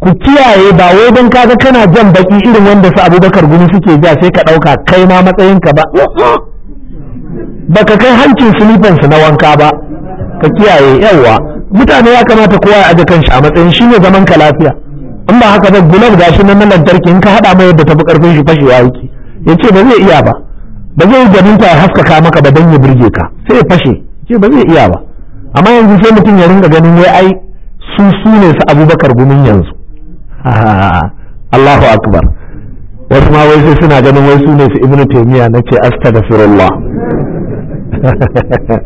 ku kiyaye ba wai don kaga kana jan baki irin wanda su abubakar gumi suke ja sai ka ɗauka kai ma matsayinka ba baka kai hancin silifansu na wanka ba ka kiyaye yawa mutane ya kamata kowa ya aje kanshi a matsayin shi ne zaman ka lafiya in ba haka ba gulab gashi nan na lantarki in ka haɗa mai yadda tafi karfin shi fashewa yake ya ce ba zai iya ba ba zai gwaninta ya haskaka maka ba don ya burge ka sai ya fashe ce ba zai iya ba amma yanzu sai mutum ya ringa ganin wai ai su su ne su abubakar gumin yanzu ah, Allahu akbar wasu ma wai sai suna ganin wai su ne su ibnu taymiya na ce astaghfirullah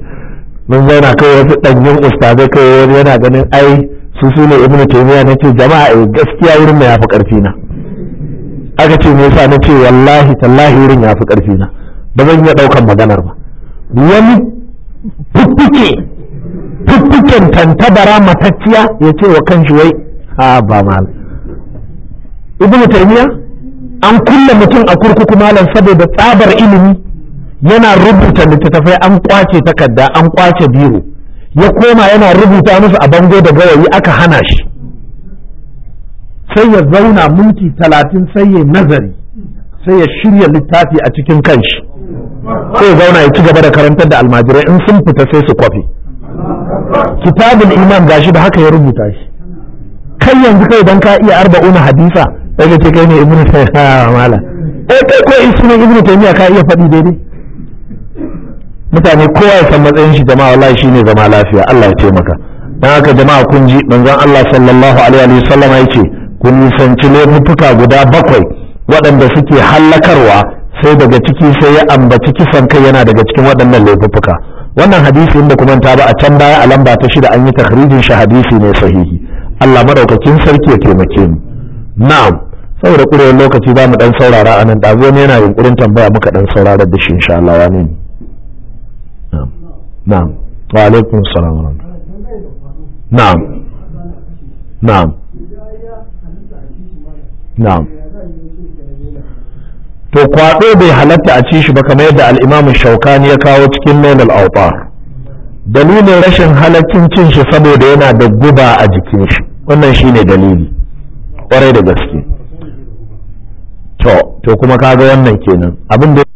mun zauna kai wasu ɗanyen ustazai kai wani yana ganin ai su su ne ibnu taymiya na ce jama'a eh, gaskiya wurin mai yafi karfi na aka ce me yasa na ce wallahi tallahi wurin yafi karfi na ba zan iya ɗaukar maganar ba wani fuffuke fuffuken tantabara matacciya ya ce wa kan shi wai a ba mal ibnu taymiya an kulle mutum a kurkuku malam saboda tsabar ilimi yana rubuta littattafai an kwace takarda an kwace biro ya koma yana rubuta musu a bango da gawayi aka hana shi sai ya zauna minti talatin sai ya nazari sai ya shirya littafi a cikin kanshi sai zauna ya ci gaba da karantar da almajirai in sun fita sai su kwafi kitabul iman gashi da haka ya rubuta shi kai yanzu kai dan ka iya arba'una hadisa ka ce kai ne ibnu taymiya mala eh kai ko ismin ibnu taymiya ka iya faɗi daidai mutane kowa ya san matsayin shi jama'a wallahi shine zama lafiya Allah ya taimaka dan haka jama'a kun ji manzon Allah sallallahu alaihi wa sallama yace kun nisanci laifuka guda bakwai waɗanda suke hallakarwa sai daga ciki sai ya ambaci kisan kai yana daga cikin waɗannan laifuffuka wannan hadisi inda kuma ta ba a can baya a lamba ta shida an yi takhrijin shi hadisi ne sahihi Allah madaukakin sarki ya taimake mu na'am saboda kurewar lokaci za mu dan saurara anan nan zo ne yana yunkurin tambaya muka dan saurara da shi insha Allah wani ne na'am wa alaikum salam wa na'am na'am na'am to kwaɗo bai halatta a ci shi ba kamar yadda al'imamin shaukani ya kawo cikin nailal autar dalilin rashin halakin cin shi saboda yana da guba a jikin shi wannan shine dalili kwarai da gaske to to kuma kaga wannan kenan abin da